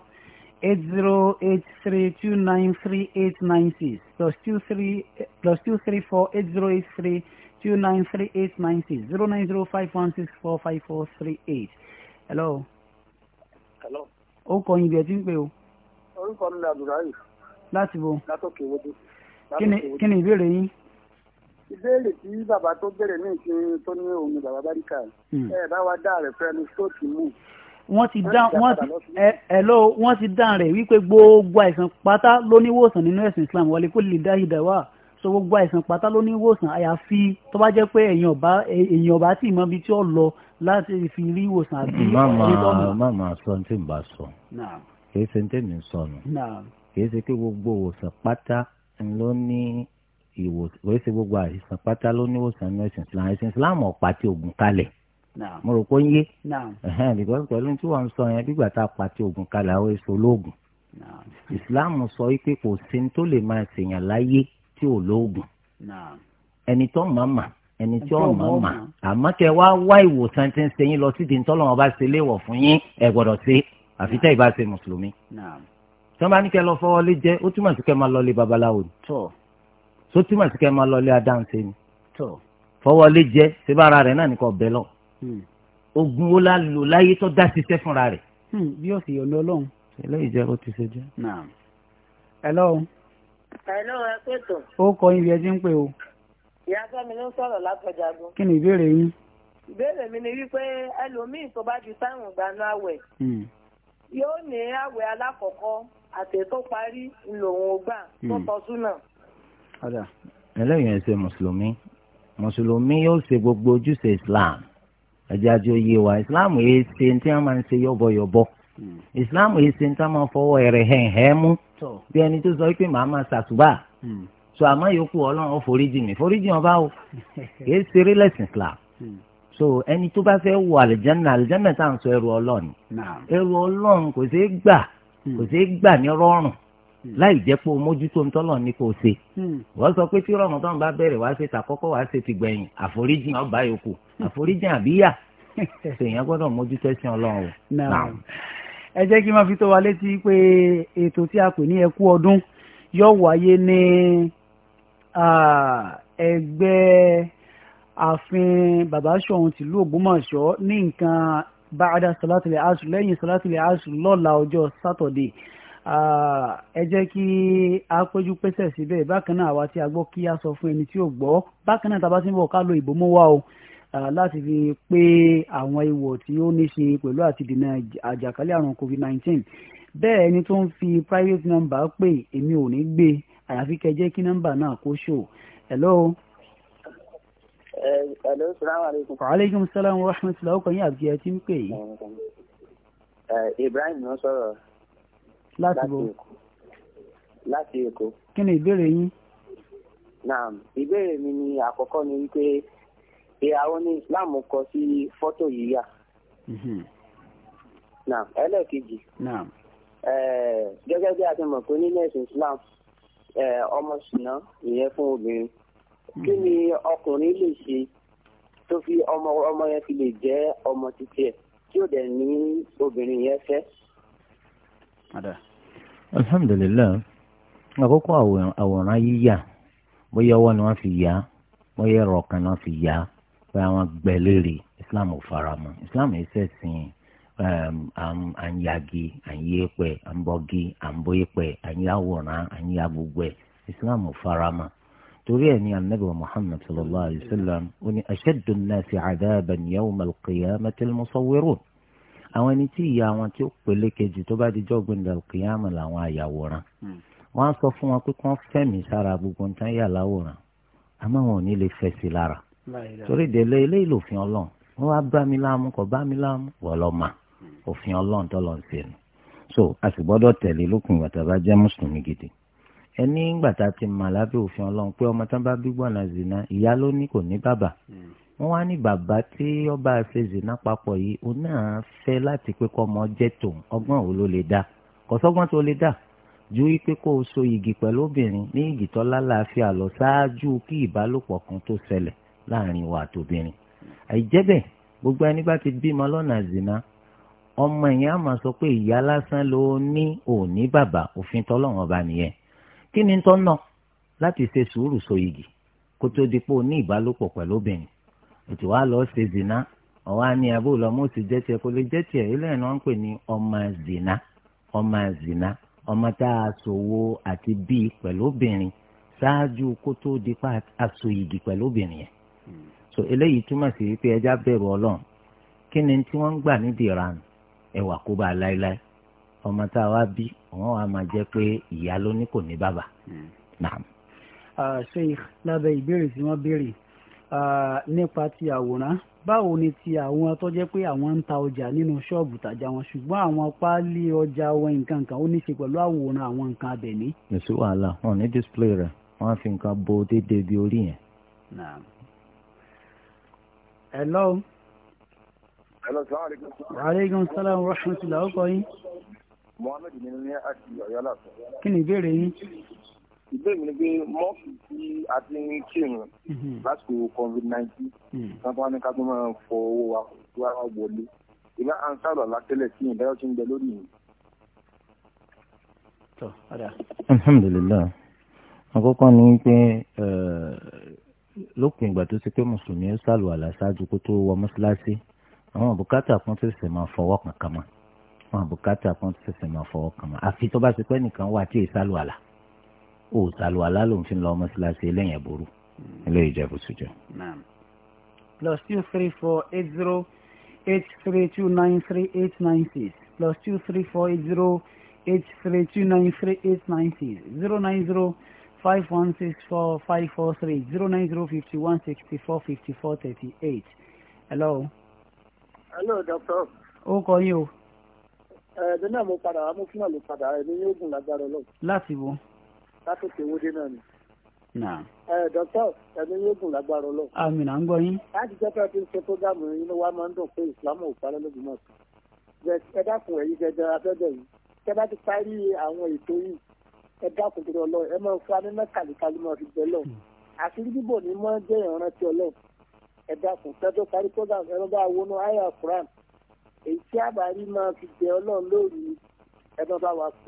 S2: eight zero eight three two nine three eight nine six plus two three plus two three four eight zero eight three two nine three eight nine six zero nine zero five one six four five four three eight. hello. hello. ó kọ ibi ẹ ti ń pè o.
S4: orúkọ mi ni abdulrahim.
S2: láti bo. látòkè wojú. kí ni ìbéèrè yín
S4: ìbéèrè tí bàbá tó bẹ̀rẹ̀ ní ìsinmi tó ní òun ni bàbá Báríkà hmm. ẹ bá wa dá rẹ̀ fẹ́ni sóòtù mú.
S2: wọ́n ti dán wọ́n ti ẹ lọ wọ́n ti dán rẹ̀ wípé gbogbo àìsàn pátá ló ní ìwòsàn nínú ẹ̀sìn Islam wọlé kó lè dá ìdá wà so gbogbo àìsàn pátá ló ní ìwòsàn àyàfi tó bá jẹ́ pé èèyàn ọba èèyàn ọba tí ìmọ̀ bíi tí ó lọ láti fi rí ìwòsàn àbí ìtọ́nù.
S3: má máa sọ ní tí n bá sọ kì í ṣe ní tèmi sọnù kì í ṣe pé ìwòsàn kò ṣe gbogbo àìsàn pátá ló níwòsàn ní ẹ̀sìn islam ẹ̀sìn islam ọ̀pá tí oògùn kalẹ̀ mo rò pé ń yé because pẹ̀lú tí wọ́n ń sọ yẹn bígbà tá a pa tí oògùn kalẹ̀ àwọn èso olóògùn islam sọ pé kò sí ní tó lè máa ṣèyàn láyé tí ò lóògùn ẹni tó màmá ẹni tí ó màmá àmọ́ kẹ wá wá ìwòsàn tí ń ṣe yín lọ síbi tí Ọlọ́run bá ṣe léèwọ̀ fún yín ẹ gbọ́dọ̀ ṣe àfi tẹ́ ì bá ṣe mùsùlùmí tí wọ́n bá ní kẹ lọ fọwọ́ lé jẹ́ ó túmọ̀ sí kẹ máa lọ lé babaláwo so tí màsíkà ẹ máa lọ ilé adáǹsẹ ni fọwọ́lé jẹ síbá ara rẹ náà ní kò bẹ́ lọ hmm. ogun wo la lò láyé tó dá ṣiṣẹ́ fúnra rẹ̀.
S2: Hmm, bí ọ̀sẹ̀ yọ̀ ní ọlọ́run. eléyìí jẹ́ bó ti ṣe jẹ́. hello.
S4: hello ẹ pé tó.
S2: ó kọ ibi ẹ ti ń pè o.
S4: ìyá fẹ́mi ló ń
S2: sọ̀rọ̀ látọ̀jagun. kí ni ìbéèrè yín. ìbéèrè mi ni wípé ẹlòmíì tó bá ju táwọn gbanú àwẹ̀ hmm. yóò ní àwẹ̀ alákọ̀ọ́kọ́ àtẹ̀ tó parí
S4: ńlọrọ̀ ògbà tó tọ́sùn náà
S3: ẹlẹ́yìn ẹ̀sẹ̀ mùsùlùmí mùsùlùmí yóò ṣe gbogbo ojúṣe islam ẹ̀jẹ̀ yé wa islam yìí ṣe ní tí wọ́n máa ń ṣe yọ̀bọ̀yọ̀bọ̀ hmm. islam yìí ṣe ní tí wọ́n máa fọwọ́ ẹ̀rẹ̀ hẹ̀ hẹ́ mú bí ẹni tó sọ pé màá máa ṣàtúbà hmm. so àmọ́ yòókù ọlọ́run ó foríjì mi foríjì wọn bá o kì í ṣeré lẹ́sìn islam hmm. so ẹni tó bá fẹ́ wọ àlìjánná àlìjánná tá à ń sọ ẹrù ọlọ́run ẹrù ọlọ́run kò ṣeé gbà kò ṣeé gbà ní rọrùn Hmm. láì jẹ́ pé o mójútó ń tọ́lọ̀ ní kò ṣe. Hmm. wọ́n sọ pé tí rọ̀mọ́tàn bá bẹ̀rẹ̀ wá ṣe tàkọ́kọ́ wá ṣe ti gbẹ̀yìn àforíjìn ọba yòókù hmm. àforíjìn àbíyà ṣèyàn gbọ́dọ̀ mójútó ẹ̀sìn ọlọ́run. ẹ jẹ́ kí n máa fi tó wa létí pé ètò tí a pè ní ẹkú ọdún
S2: yóò wáyé ní ẹgbẹ́ ààfin bàbá sọ̀hún tìlú Ògbómọ̀ṣọ́ ní nǹkan báadà sọlátìlẹ̀ àṣù lẹ́yìn sọlátìlẹ̀ àṣù lọ́la ọjọ́ sátọ̀dẹ̀ẹ́ ẹ jẹ́ kí a péjú pésẹ̀ síbẹ̀ bákan náà àwa tí a gbọ́ kí a sọ fún ẹni tí ò gbọ́ bákan náà tá a bá ti ń bọ̀ ká lo ìbomú wa o láti fi pé àwọn ìwọ̀ tí ó ní ṣe pẹ̀lú àti dènà àjàkálẹ̀ àrùn covid-19 bẹ́ẹ̀ ẹni tó ń fi private number pè èmi ò ní gbé àyàfi kẹ́ jẹ́ kí nọ́mbà náà kó ṣò hello. hello salaam aleykum. waaleykum salaam wa rahmatulah ọkọ yín àbí ẹ ti ń pè yìí.
S4: ibrahim ló sọ̀rọ̀. láti bò. láti èkó.
S2: kí ni ìbéèrè yín.
S4: naam ìbéèrè mi ni àkọ́kọ́ ni wípé ìyàwó ní islam kọ sí fọ́tò yíyà. Mhm. naam ẹlẹ́ẹ̀kejì. naam. gẹ́gẹ́ bí a ti mọ̀ pé nínú ẹ̀sìn islam ọmọ ṣìnà ìyẹn fún obìnrin mhm. kí ni ọkùnrin lè ṣe tó fi ọmọ ọmọ yẹn fi lè jẹ́ ọmọ títí ẹ̀ tí ó dẹ̀ ní
S2: obìnrin yẹn fẹ́.
S3: alhamdulilayi àkókò àwòrán yíyà bóyá ọwọ́ ni wọ́n fi yà bóyá ẹ̀rọ fi yá á pé àwọn gbẹ̀lérè islam ò faramọ́ islam yìí ṣẹ̀sìn um, à ń yagi à ń yépẹ̀ à ń bọ́gi à ń bóyépẹ̀ ẹ̀ islam ò faramọ́ torí ẹ̀ ní anabi wa muhammad sallallahu alayhi wa sallam àwọn ẹni tí ìyá wọn tí ó pelékejì tó bá di jọ́gbìn dàlùkìyàmù làwọn àyàwòrán hmm. wọn á sọ fún wọn pé kí wọn fẹ̀mí sára gbogbo nǹkan yà láwòrán àmọ́ wọn ò ní lè fẹsí lára torí délé eléyìí lòfin Ọlọ́run wọn wá bá mi láàmú kò bá mi láàmú wọlọmọ hmm. òfin Ọlọ́run tó lọ ń ṣe so a sì gbọ́dọ̀ tẹ̀lé lókun ìgbà tá a bá jẹ́ mùsùlùmí gidi ẹni ìgbà tá a ti mọ̀ lábẹ́ òfin Ọlọ́run pé ọmọ tán bá bí gbọnà wọ́n wá ní bàbá tí ọba àfẹ́sẹ̀ náà papọ̀ yìí òun náà fẹ́ láti pé kọ́ ọmọ jẹ́ tòun ọgbọ́n òun ló lè dá kọ́sọ́gbọ́n tó lè dá ju wípé kó o so igi pẹ̀lú obìnrin ní igi tó lálàáfíà lọ ṣáájú kí ìbálòpọ̀ kan tó ṣẹlẹ̀ láàrin wa àtòbìnrin àìjẹ́bẹ̀ gbogbo ẹni bá ti bímọ lọ́nà zina ọmọ yẹn á máa sọ pé ìyá lásán ló ní òní bàbá òfin tọ́lọ́run ọba nìyẹn kí ni tọ́nà láti ṣe sùúrù so igi kó tó di pé o ní ìbálòpọ̀ pẹ̀lú obìnrin òtí wàá lọ ṣe zina ọwọ́ á ní abó lọ́mọ́ òsì jẹ́ tiẹ̀ kó lè jẹ́ tiẹ̀ ilé náà ń pè ní ọmọ zina ọmọ zina ọmọ tá a sòwò àti bíi pẹ̀lú obìnrin ṣáájú kó tó di pa aṣòyìgì pẹ̀lú obìnrin yẹn so eléyìí túmọ̀ sí pé ẹja bẹ̀rù ọlọ́run kí ni tí wọ́n ń gbà nídìí ìranù ẹwà kó bá a láéláé ọmọ tá a wá bí wọn wá máa jẹ pé ìyá ló kò ní bàbá.
S2: ṣé hmm. ah, lábẹ́ ìbéèrè tí wọ́n béèrè nípa ti àwòrán báwo ni ti àwọn tó jẹ́ pé àwọn ń ta ọjà nínú ṣọ́ọ̀bù tàjà wọn ṣùgbọ́n àwọn páálí ọjà wọn nǹkan kan ó ní í ṣe pẹ̀lú àwòrán àwọn nǹkan abẹ̀mí.
S3: èso wàhálà wọn ní display rẹ wọn á fi nǹkan bo déédéé bí orí yẹn.
S2: hello. hello salaamaleykum. waaleykum salaam wa rahmatulah ọkọ yín.
S4: mohammed ni ní àti ọ̀yọ́ làtọ̀. kí ni ìbéèrè yín ìbéèrè ni pé mọ́ọ̀fù tí a ti ń kírun mhm. lásìkò covid nineteen mhm. nípa ní ká tó máa fọ owó wa tó wá wọlé ìgbà à ń sábà látẹ́lẹ̀ sí ìdájọ́ tí ń bẹ lórí yìí.
S3: alhamdulilayi àkọ́kọ́ ni pé lópin ìgbà tó ti pé mùsùlùmí ó ṣàlùwàlà ṣáájú kó tó wọ mọ́ṣáláṣí àwọn bùkátà kan tó ṣẹ̀ṣẹ̀ máa fọwọ́ kankan mọ́ àwọn bùkátà kan tó ṣẹ̀ṣẹ̀ máa fọwọ́ kankan mọ́ àfi tó bá ti pẹ́ nìkan wà tí ì ṣàlùwàlà ò sàlù alálòfin lọ mọ́ṣáláṣí eléyìn ẹ̀bùrú ilé hmm. ìjẹ́bù sójú.
S2: plus two three four eight zero eight three two nine three eight nine six plus two three four eight zero eight three two nine three eight nine six zero nine zero five one six four five four three zero nine zero fifty one sixty four fifty four thirty eight. hello.
S4: hello doctor.
S2: ó kọ yín o.
S4: ẹ̀ẹ́dẹ́gbẹ̀rún mo padà wá mo fún àlè padà ẹ̀mí yóò gùn lágbára ọlọ́run. láti wo. látòkè wọlé náà ni. dókítà ẹni yóò lágbára Ọlọ́run.
S2: àmì ń gbọ́ yín.
S4: láti jẹ́ pé ṣe fúgàmù máa ń dùn pé ìsìlámù ò parẹ́ náà sí. ẹ dákun gẹ́gẹ́ abẹ́bẹ̀ yìí bá ti parí àwọn ètò yìí ẹ dákun Ọlọ́run ẹ máa fún lọ. àṣírí bíbò ni mọ́ jẹ́ ìrántí Ọlọ́run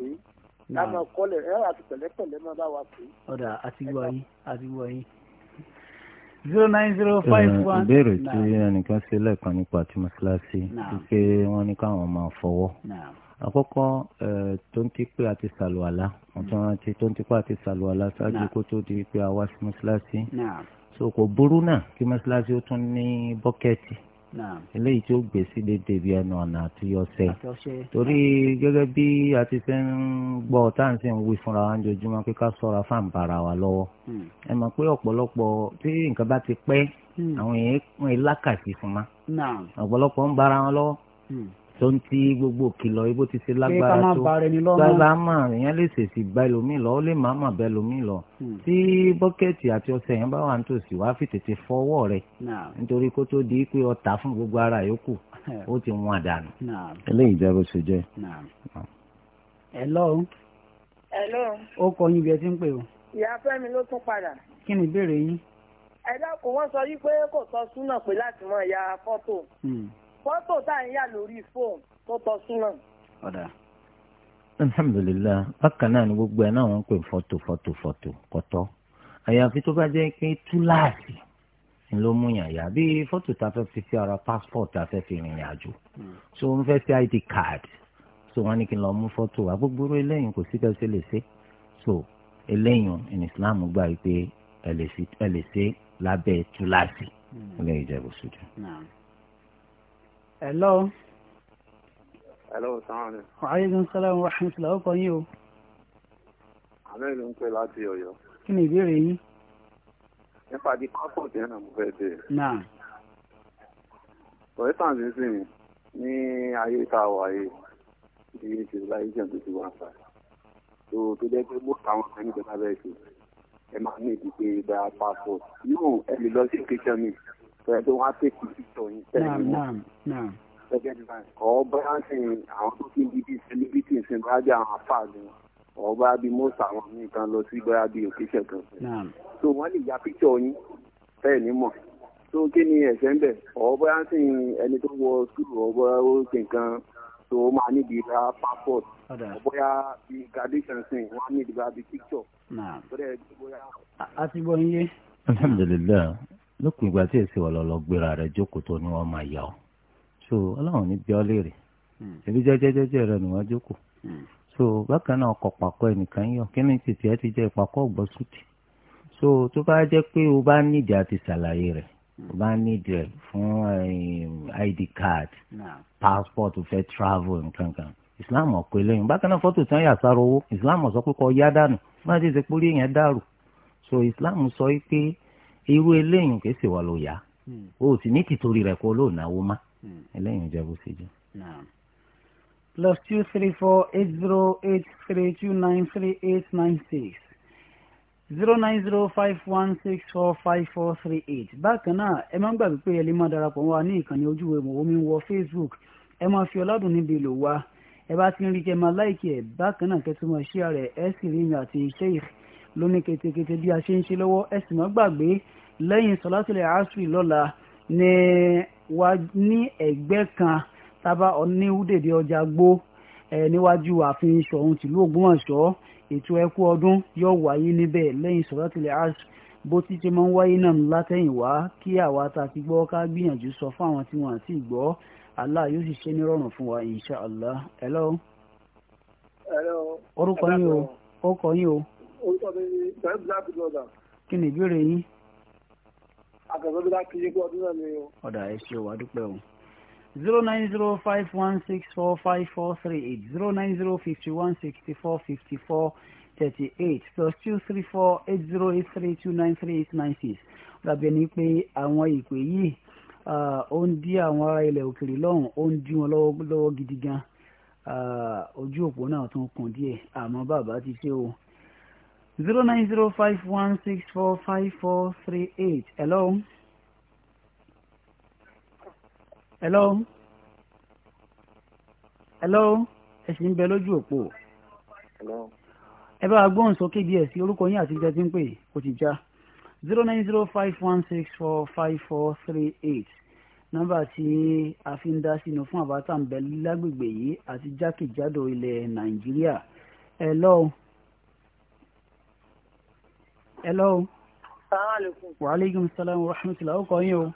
S4: ẹ ká hmm. máa kọ́lẹ̀ ẹ àti
S2: pẹ̀lẹ́pẹ̀lẹ́ máa bá wa pè é. ọ̀dà àti gbọ́ yín àti gbọ́ yín. zero nine zero eh, five one. ìbéèrè tí
S3: ẹnìkan ṣe lẹ́ẹ̀kan nípa tí mọ́ṣáláṣí wípé wọ́n ní káwọn máa fọwọ́. àkọ́kọ́ eh, tó ń ti pé a ti sàlùwàlá wọ́n tún rántí tó ń ti pé a ti sàlùwàlá ṣáájú kó tó di pé a wá sí mọ́ṣáláṣí. so kò burú náà kí mọ́ṣáláṣí ó tún ní bọ́kẹ́ẹ̀tì. eléyìí tí ó gbé sí dédé bí ẹnu ọ̀nà àti ọ̀sẹ̀ torí gẹ́gẹ́ bí a ti fẹ́ ń gbọ́ táǹsì ń wí fúnra wa lójoojúmọ́ pé wa lọ́wọ́ hmm. ẹ mọ̀ pé ọ̀pọ̀lọpọ̀ tí nǹkan bá ti pẹ́ hmm. àwọn èèyàn ń lákàtì fún ma ọ̀pọ̀lọpọ̀ ń bara wọn lọ́wọ́ hmm. tó ń ti gbogbo kìlọ̀ ibo ti ṣe lágbára tó
S2: gbàgbà
S3: mà èèyàn lè ṣèṣì bá ẹlòmíì lọ ó lè má mà bá ẹlòmíì lọ hmm. tí bọ́kẹ́tì àti ọṣẹ yẹn bá wà nítòsí wàá fi tètè fọwọ́ rẹ nítorí kó tó di pé ó tà fún gbogbo ara yòókù ó ti wọn àdánù. eléyìí jẹ́ bó ṣe jẹ́. hello. hello. ó kọ
S2: yín bí ẹ ti ń pè o.
S4: ìyá fẹ́mi ló tún padà.
S2: kí ni ìbéèrè yín.
S4: ẹ dákun wọn sọ wípé kò sọ fọ́tò tá à ń yà lórí fóònù tó tọ́ súnà.
S3: ọ̀dà alhamdulilayi bákan náà ni gbogbo ẹ náà wọ́n ń pè fọ́tò fọ́tò fọ́tò kọ́tọ́ àyàfi tó bá jẹ́ pé túláàsì ló mú yàn yá bí fọ́tò tá a fẹ́ fi sí ara passport a fẹ́ fi rìnrìn àjò hmm. so wọ́n fẹ́ sí id card so wọ́n ní kí n lọ mú fọ́tò wa gbogbo eléyìí kò sí bẹ́ẹ̀ ṣe lè ṣe so eléyìí in Islam gbà yìí pé ẹ lè ṣe lábẹ́ túláàsì hmm. eléyìí jẹ́ bó ṣojú
S2: hello. hello sàmánì. aleykum salaam wa rahmatulah ọkọ yín o. àlẹ́
S4: ló ń pè láti ọ̀yọ́.
S2: kí ni ìbéèrè yín.
S4: nípa di kọ́pọ̀ tí ẹnà mo fẹ́ dé. náà. ọ̀rẹ́ tàn sí sí mi ní ayé tá a wà yìí ní civilization tó ti wà fà tó tó jẹ́ pé mo kà wọ́n kan nígbà ṣe ẹ máa ní ìdí pé bá yóò ẹ lọ sí kíkẹ́ mi fẹ́ẹ́ pé wọ́n á tètè tọ̀ yín tẹ́lẹ̀ mọ́ gẹ́gẹ́ bí báyìí ọ̀ bóyá sì àwọn tó ti ń bíbí sẹ́líbítì sí bóyá bí àwọn afáàlú ọ̀ bóyá bí mọ́sà àwọn míì kan lọ sí bóyá bí òkèṣẹ̀ kan so wọ́n lè ya píkṣọ̀ yín bẹ́ẹ̀ ni mọ̀ so kí ni ẹ̀ṣẹ̀ ń bẹ̀ ọ̀ bóyá sì ẹni tó wọ sùúrù ọ̀ bóyá ó ṣe nǹkan so máa níbi ìlà passport bóyá bí graduation sin wọn á níbi ìlà bí píkṣọ̀
S3: a ti gbọ́ lópin ìgbà tí èsì ọlọlọ gbéra rẹ jókòó tó ní wọn máa yà ọ so Ọlọ́run ní bí ọ léèrè ẹbí hmm. jẹjẹjẹjẹ rẹ ni wọn jókòó hmm. so bákan náà ọkọ pàkọ ẹnìkan yọ kí ni tètè ẹ ti jẹ ìpàkọ ọgbọ sùtì so tó bá jẹ́ pé o bá nídìí àti ṣàlàyé rẹ hmm. o bá nídìí rẹ fún eh, id card passport o fẹ́ travel nǹkankan islam ọ̀pọ̀ eléyìí bákan náà fọ́tò tán yà sára owó islam sọ pé kọ́ yá dànù má ti ṣe pórí dàrú so islam sọ pé irú eléyìí kìí ṣèwọ ló yá hmm. o sì ní tìtorí rẹ̀ kó ló náwó má hmm. eléyìí jẹ́ bó ṣe jẹ́.
S2: plus two three four eight zero eight three two nine three eight nine six zero nine zero five one six four five four three eight bákan náà ẹ máa ń gbàgbé pé ẹ lè máa darapọ̀ wá ní ìkànnì ojúwe mọ̀wómi wọ facebook ẹ máa fi ọlọ́dún níbi lò wá ẹ bá ti ń rí kẹ́ máa láìkì ẹ̀ bákan náà kẹ́ tó máa ṣí ààrẹ ẹ sì rí mi àti sheikh lóní ketekete bí a ṣe ń ṣe lọ́wọ́ ẹ sì má gbàgbé lẹ́yìn sọlátìlẹ̀ asri lọ́la ní wa ní ẹ̀gbẹ́ kan tábà ní húdèdè ọjà gbó níwájú ààfin ṣọ̀ún tìlú ògbómọ̀ṣọ́ ètò ẹkú ọdún yóò wáyé níbẹ̀ lẹ́yìn sọlátìlẹ̀ asri bó ti ṣe máa ń wáyé náà látẹ̀yìnwá kí àwa tá a ti gbọ́ ká gbìyànjú sọ fún àwọn tí wọ́n àti gbọ́ Allah yóò sì ṣe ní rọrùn fún wa insha Allah hello.
S4: hello. orúkọ yín o ó yín o orúkọ mi ni sẹ́yìn black brother.
S2: kí ni ìbéèrè yín. àkàtúntò bá kí yín kú ọdún náà ni o. ọ̀dà ẹ ṣe wàá dúpẹ́ o zero nine zero five one six four five four three eight zero nine zero fifty one sixty four fifty four thirty eight plus two three four eight zero eight three two nine three eight nine six dàbí ẹni pé àwọn ìpè yìí ó ń dí àwọn ará ilẹ̀ òkèèrè lọ́hùn ó ń dí wọn lọ́wọ́ gidi gan ojú òpó náà tún kún díẹ̀ àmọ́ bàbá ti ṣe o zero nine zero five one six four five four three eight. Hello. Hello. Hello. Ẹ sì ń bẹ lójú òpó. Hello. Ẹ bá gbóhùn sókè díẹ̀ sí orúkọ yín àti ìjẹ́ tí ń pè kò sì já. zero nine zero five one six four five four three eight nọ́mbà tí a fi ń dá sínú fún àbátà ń bẹ lágbègbè yìí àti jákèjádò ilẹ̀ Nàìjíríà. Hello. hello. salaamaleykum. waaleykum salaam wa rahmatulah ó kọ yín o.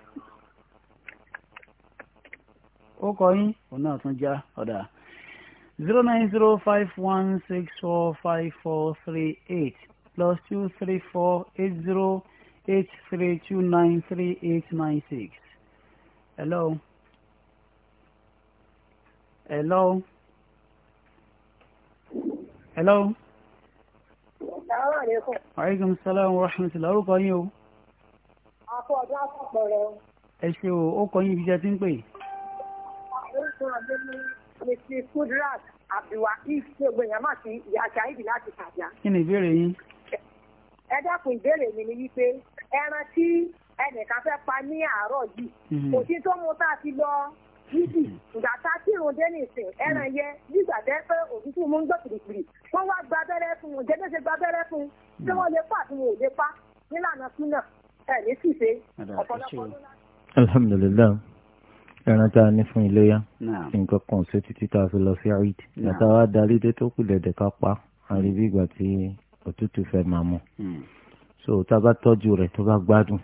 S2: ó kọ yín òun náà tún já ọ̀dà zero nine zero five one six four five four two three four eight zero eight three two nine three eight nine six. hello. hello. hello.
S4: Assalamu alaikum.
S2: Wa alaikum salam wa rahmatullahi orúkọ yín o.
S4: Àpò ọ̀dọ́ àpapọ̀ rẹ̀ o.
S2: Ẹ ṣe o, ó kọ yín ibi jẹ́ tí ń pè.
S4: Orúkọ mi ni Mr. Kudrat Abdulwakil ṣe gbẹ̀yàn máa fi ìyá Ṣáídì láti Kàjá.
S2: Kí ni ìbéèrè yín?
S4: Ẹ dákun ìbéèrè mi ni wípé ẹran tí ẹnìkan fẹ́ pa ní àárọ̀ yìí, mhm. kò sí tó mú tá a ti lọ yídì ìgbà tá a kírun dé nìsín ẹran yẹ nígbà tẹ pé òtútù mú ń gbọ́ kìrìkìrì wọ́n wá gba abẹ́rẹ́ fún un jẹ́jẹ́ ṣe gba abẹ́rẹ́ fún un tí wọ́n lè pa àti wọn ò lè pa nílànà súnà ẹ̀ ní ṣìṣe ọ̀pọ̀lọpọ̀ lọ́la.
S3: alhamdulilayi ẹran tá a ní fún iléyá nǹkan kan ṣe títí tá a fi lọ sí àìd ìyàtọ̀ wa darí dé tó kù dẹ̀dẹ̀ ká pa àrí bí ìgbà tí òtútù fẹ́ máa mú hmm. so tá a bá tọ́jú rẹ̀ tó bá gbádùn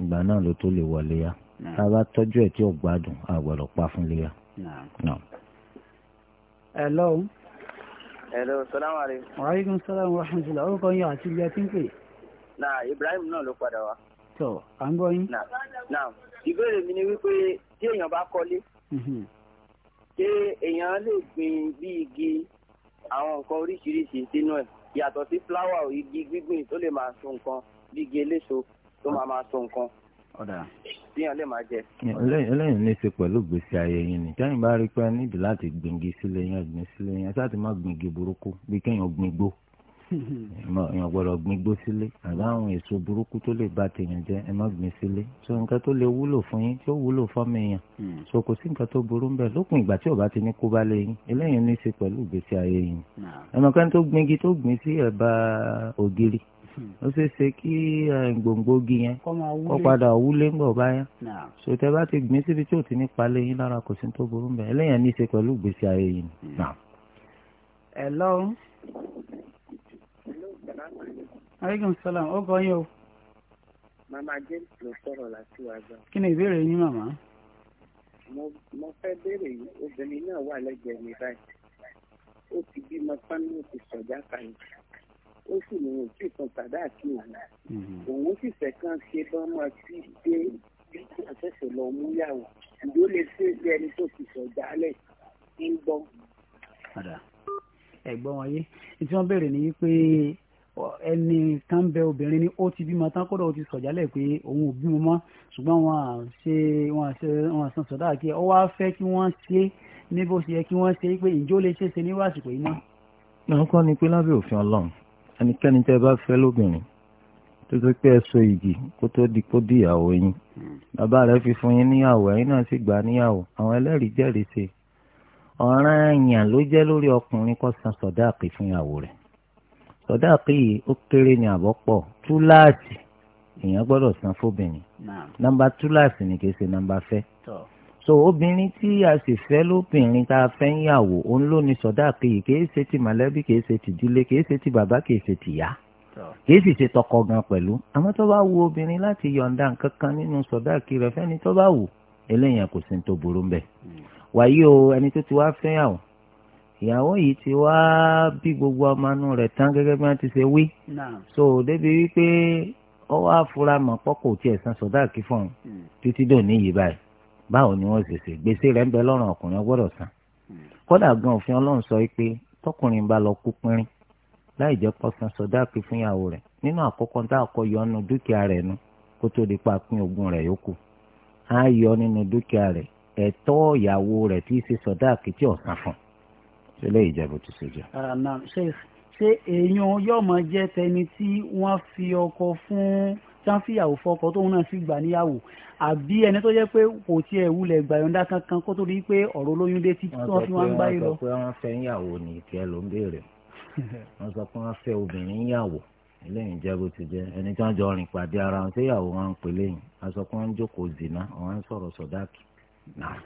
S3: ìgbà náà ló tó lè wọlé yá tá a bá tọ́jú ẹ̀ tí o gbádùn a gbọ́dọ̀ pa fún léyà.
S2: hello. hello salamu aleykum. wa aleykum salaam wa rahmatulah orúkọ yín àti ilé ẹtí ń pè.
S4: na Ibrahim náà ló padà wá.
S2: tọ à ń gbọ́ yín.
S4: na ìbéèrè mi ni wípé tí èèyàn bá kọ́lé mhm. ṣé èèyàn lè gbin bí igi àwọn nǹkan oríṣiríṣi sínú ẹ̀ yàtọ̀ sí fúláwà igi gbígbìn tó lè máa so nǹkan bí igi eléso tó máa máa so nǹkan
S1: tíyàn lè máa jẹ.
S3: eléyìí ní í ṣe pẹ̀lú gbèsè ayé yín ni tẹ́yìn bá rí pé nídìí láti gbìngì sílé yẹn gbìn sílé yẹn sáàtì má gbìngì burúkú bí kéèyàn gbìngbó èèyàn gbọ́dọ̀ gbìngbó sílé àbá àwọn èso burúkú tó lè bà tèèyàn jẹ́ ẹ má gbìn sílé so nǹkan tó lè wúlò fún yín tí wúlò fọ́mọ èèyàn hmm. so kò sí nǹkan tó burú bẹ́ẹ̀ lópin ìgbà tí ó bá ti ní kó bá lé yín eléyìí ní í ṣe pẹ̀lú gbèsè ayé yín ẹnìkan tó gbìngì tó gbìn sí ẹ̀bá ògiri ó ṣeé ṣe kí gbòǹgbògi yẹn kó padà wúlé ńgbà ọba yẹn ṣòtẹ́ bá ti gbìn síbi tí ò ti ní palẹ̀ yín lára kò sí tó burú mbẹ́ ẹlẹ́yìn ní í ṣe pẹ̀lú ìgbésí ayé yìí ni. Hmm.
S2: hello. aleykum salaam ó gbọ́ yín o.
S4: mama james ló sọ̀rọ̀ láti wá gbọ́.
S2: kí ni ìbéèrè yín màmá.
S4: mo fẹ́ béèrè yìí obìnrin náà wà lẹ́gbẹ̀ẹ́ mi báyìí ó ti bímọ tán ní òkè sọ̀já kalẹ̀ ó sì ní ojú ìtàn tàdá àti òun mm-hmm. òun sì fẹ́ kàn ṣe bọ́n máa ti dé bí àṣẹ̀ṣẹ̀ lọ mú yàwó ìdí ó lè ṣe bí ẹni tó ti sọ jálẹ̀ ń gbọ́.
S2: ẹ̀gbọ́n wọn yé tí wọ́n bẹ̀rẹ̀ ní pé ẹni kan bẹ obìnrin ni ó ti bímọ tán kódà ó ti sọ̀jálẹ̀ pé òun ò bímọ mọ́ ṣùgbọ́n wọn à ṣe wọn à ṣe wọn à san sọ̀dá kí ọ wá fẹ́ kí wọ́n ṣe ní bó ṣe yẹ kí wọ́n ṣe pé ìjó lè ṣe é ṣe ní wàásù pé iná.
S3: náà kọ́ ni pé lábẹ́ òfin ọlọ́run ẹnikẹ́ni tẹ́ bá fẹ́ lóbìnrin tó tó pé ẹ̀sọ́ igi kó tó di kó di ìyàwó yín bàbá rẹ̀ fi fún yín níyàwó ẹ̀yin náà sì gbà níyàwó àwọn ẹlẹ́rìí jẹ́rìí sí i ọ̀ràn yàn ló jẹ́ lórí ọkùnrin kó san sọ̀dáàkì fún ìyàwó rẹ̀ sọ̀dáàkì yìí ó kéré ní àbọ̀pọ̀ túláàsì èèyàn gbọ́dọ̀ san fóbìnrin nọ́mbà túláàsì ni kì í ṣe nọ́mbà fẹ́ so obìnrin tí a sì fẹ́ lóbìnrin tá a fẹ́ ń yàwó òun ló ní sọ̀dáàkì yìí kìí ṣe ti mọ̀lẹ́bí kìí ṣe ti ìdílé kìí ṣe ti bàbá kìí ṣe ti ìyá kìí sì ṣe tọkọ gan pẹ̀lú àmọ́ tó bá wu obìnrin láti yọ̀ǹda nǹkan kan nínú sọ̀dáàkì rẹ̀ fẹ́ni tó bá wù eléyàn kò sí ní tó burú ń bẹ̀. Hmm. wàyí o ẹni tó ti wá fẹ́ yàwó ìyàwó yìí ti wá bí gbogbo ọmọnú rẹ̀ tán gẹ́gẹ́ bí wọ́n ti ṣe wí so débi wípé ó wá fura mọ̀ pọ́kò tiẹ̀ san sọ̀dáàkì fún un hmm. títí dòní yìí báyìí báwo ni wọ́n ṣe ṣe gbèsè rẹ̀ ń bẹ lọ́rùn ọkùnrin ọgbọ́dọ̀ san kódà gan òfin ọlọ́run sọ pé tọkùnrin bá lọ kú pínrín láì jẹ́ kó san sọdáàkì fún ìyàwó rẹ̀ nínú àkọ́kọ́ tá a kọ́ yọ nínú dúkìá rẹ̀ nu kó tó di pa pín ogún rẹ̀ yòókù á yọ nínú dúkìá rẹ̀ ẹ̀tọ́ ìyàwó rẹ̀ tí í ṣe sọdáàkì tí ọ̀sán fún ṣe lè jẹ́ bó ṣe jẹ́.
S2: Ah, ṣé èèyàn yóò máa jẹ́ tẹni tí wọ́n fi ọkọ fún tán fìyàwó fọkọ tóun náà sì gbà níyàwó àbí ẹni tó jẹ́ pé kò tiẹ̀ wulẹ̀ gbàyọ̀ǹda kankan kó tó di pé ọ̀rọ̀ olóyún dé tí wọ́n fi wọ́n ń gbáyé lọ. wọ́n sọ
S3: pé wọ́n fẹ́ yàwó ni ìkẹ́ ló ń béèrè wọ́n sọ pé wọ́n fẹ́ obìnrin yàwó eléyìí jẹ́ bó ti jẹ́ ẹni tí wọ́n jọ rìn pàdé ara wọn séyàwó wọn ń pè léyìn wọ́n sọ pé wọ́n ń jókòó zìnà wọ́n sọ̀rọ̀ sọ̀dáàkì náà.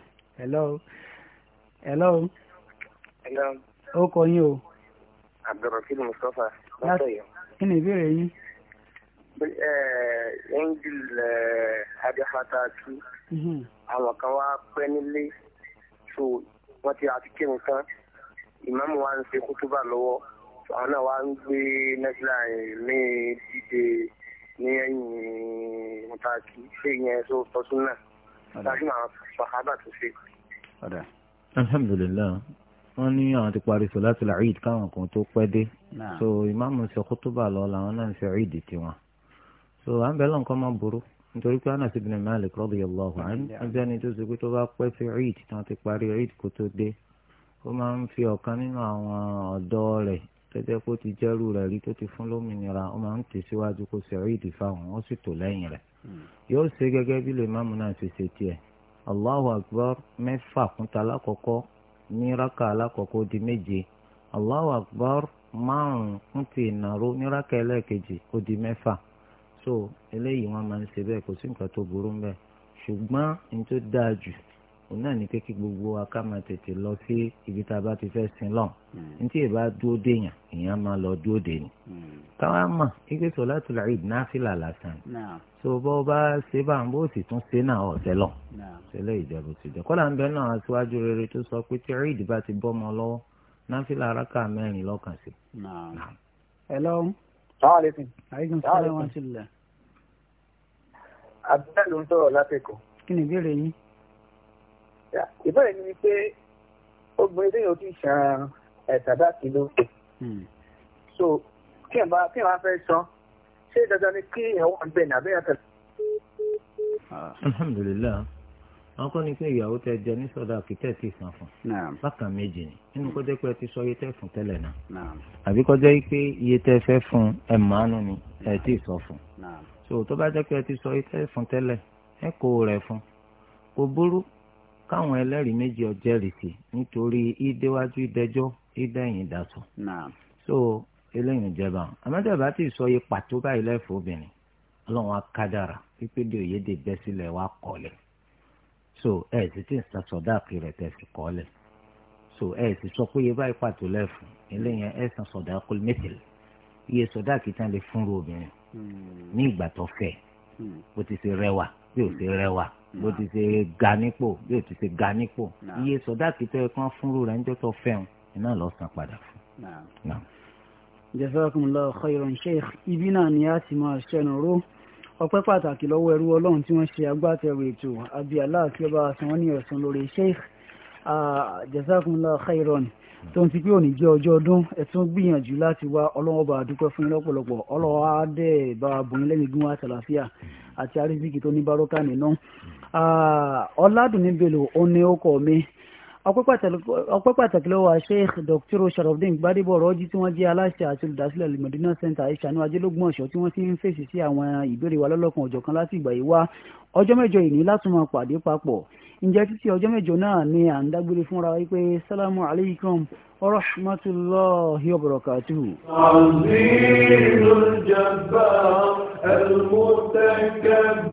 S2: hello
S4: angel eh, eh, adéfataki mm-hmm. àwọn kan wá pẹ́ nílé so wọ́n ti àti kírun tán ìmáàmù wa ń ṣe kútúbà lọ́wọ́ àwọn náà wá ń gbé nẹ́gílà ní dìde ní ẹ̀yìn mọ́tàkì ṣé ìyẹn tó tọ́sún náà láti máa sàhábà tó ṣe.
S3: alhamdulilayi wọ́n ní àwọn ti parí sọ̀láṣí làáyid káwọn kan tó pẹ́ dé so ìmáàmù ṣe kútúbà lọ làwọn náà ń ṣe àìdì tiwọn. so à ń bẹ lọ́nkọ́ máa burú nítorí pé Anas ibn Malik radiyallahu anhu ọjọ́ ni tó ṣe pé tó bá pẹ́ sí eid tí wọ́n ti parí eid kó tó dé ó máa ń fi ọ̀kan nínú àwọn ọ̀dọ́ rẹ̀ tẹ́tẹ́ kó ti jẹ́rù rẹ̀ rí tó ti fún lómìnira ó máa ń tẹ̀síwájú kó ṣe di méje Allahu akbar márùn-ún ìnáró ní di mẹ́fà so eléyìí wọ́n máa ń ṣe bẹ́ẹ̀ kò sí nǹkan tó burú bẹ́ẹ̀ ṣùgbọ́n ní tó dáa jù òun náà ní pé kí gbogbo wa ká máa tètè lọ sí ibi tá a bá ti fẹ́ sin lọ́n hmm. ní tí ìbá dúró déyàn èèyàn máa lọ dúró dé hmm. káwá mọ̀ ike solatul Eid náfìlà lásán so bó bá ṣe bá ń bó sì tún ṣe náà ọ̀sẹ̀ lọ ṣẹlẹ̀ ìjẹ́bù ti jẹ́ kọ́lá ń bẹ náà aṣíwájú rere tó sọ pé tí Eid bá ti bọ́ ọmọ lọ́wọ́ náfìlà arákà mẹ́rin lọ́kàn sí. ẹ lọ́wọ́
S2: sàmàlẹ́kùn. àyíkùn sàlẹ̀ wọn ti lẹ̀. abdulai ló ń sọ̀rọ̀ látẹ̀kọ̀. kí ni ìbéèrè yín.
S4: ìbéèrè mi ni pé obìnrin lẹ́yìn ojú ìṣàn ẹ̀sàdá kì ló pè. Hmm. so kí n bá kí n bá fẹ́ san ṣé dandan ni kí ìyàwó àgbẹ̀ nàbẹ́yà tẹ̀lé.
S3: alhamdulilayi àwọn kan ní pé ìyàwó tẹ jẹ ní sọdọ àkìtẹ tí san fún bákan méjì ni nínú kọjá pé ẹ ti sọ iye tẹ fún tẹ́lẹ̀ náà àbí kọjá pé iye tẹ fẹ́ fún ẹ màánu ni ẹ tí sọ fún so tó bá jẹ pé ẹ ti sọ iye tẹ fún tẹ́lẹ̀ ẹ kó rẹ fún kò burú káwọn ẹlẹ́rìí méjì ọjẹ́rìí sí nítorí ìdéwájú ìdẹjọ́ ìdẹ́yìn ìdásọ so eléyìí ìjẹba àmọ́tẹ́bà ti sọ iye pàtó báyìí lẹ́fọ̀ọ́ obìnrin ọlọ́run á kádàrà so ẹ sì ti ń sàtọ̀dá àpèrè tẹ̀ fi kọ́ so ẹ sì sọ pé iye báyìí pàtó lẹ́fù eléyẹn ẹ san sọ̀dá kó mẹ́tìl iye sọ̀dá kìtàn lè fúnru obìnrin hmm. ní ìgbà tó fẹ́ hmm. bó ti ṣe rẹwà bí ó ti hmm. rẹwà bó ti ṣe ga nípò bí ó ti ṣe ga nípò iye sọ̀dá kìtàn kan fúnru rẹ̀ ń jọ́tọ̀ fẹ́hùn iná lọ san padà fún.
S2: jazakumullahu khairan sheikh ibi náà ni a ti máa ṣẹnu ró ọpẹ́ pàtàkì lọ́wọ́ ẹrú ọlọ́run tí wọ́n ṣe agbátẹrù ètò àbí aláàkí ọba àti wọn ní ẹ̀sán lórí sheikh jazakumullah khairon tó ń ti pé òní jẹ́ ọjọ́ ọdún ẹ̀tún gbìyànjú láti wá ọlọ́wọ́ bá dúpẹ́ fún yín lọ́pọ̀lọpọ̀ ọlọ́wọ́ á dẹ̀ bá bùn lẹ́yìn gún wa àtàlàfíà àti arísíkì tó ní bárókà nínú. ọ̀làdùnní bello ó ní ó kọ̀ mi ọpẹ́ pàtàkì lọ́wọ́ sheikh dr sharafdin gbadebo ọ̀rọ̀jì tí wọ́n jẹ́ aláṣẹ àti olùdásílẹ̀ limodina center ìṣànú ajẹ́lógún ọ̀ṣọ́ tí wọ́n ti ń fèsì sí àwọn ìbéèrè wa lọ́lọ́kan òjọ̀kan láti ìgbà yìí wá ọjọ́ mẹ́jọ ìní láti máa pàdé papọ̀ ǹjẹ́ títí ọjọ́ mẹ́jọ náà ni à ń dágbére fúnra wa sálámù aleykum ورحمة
S1: وبركاته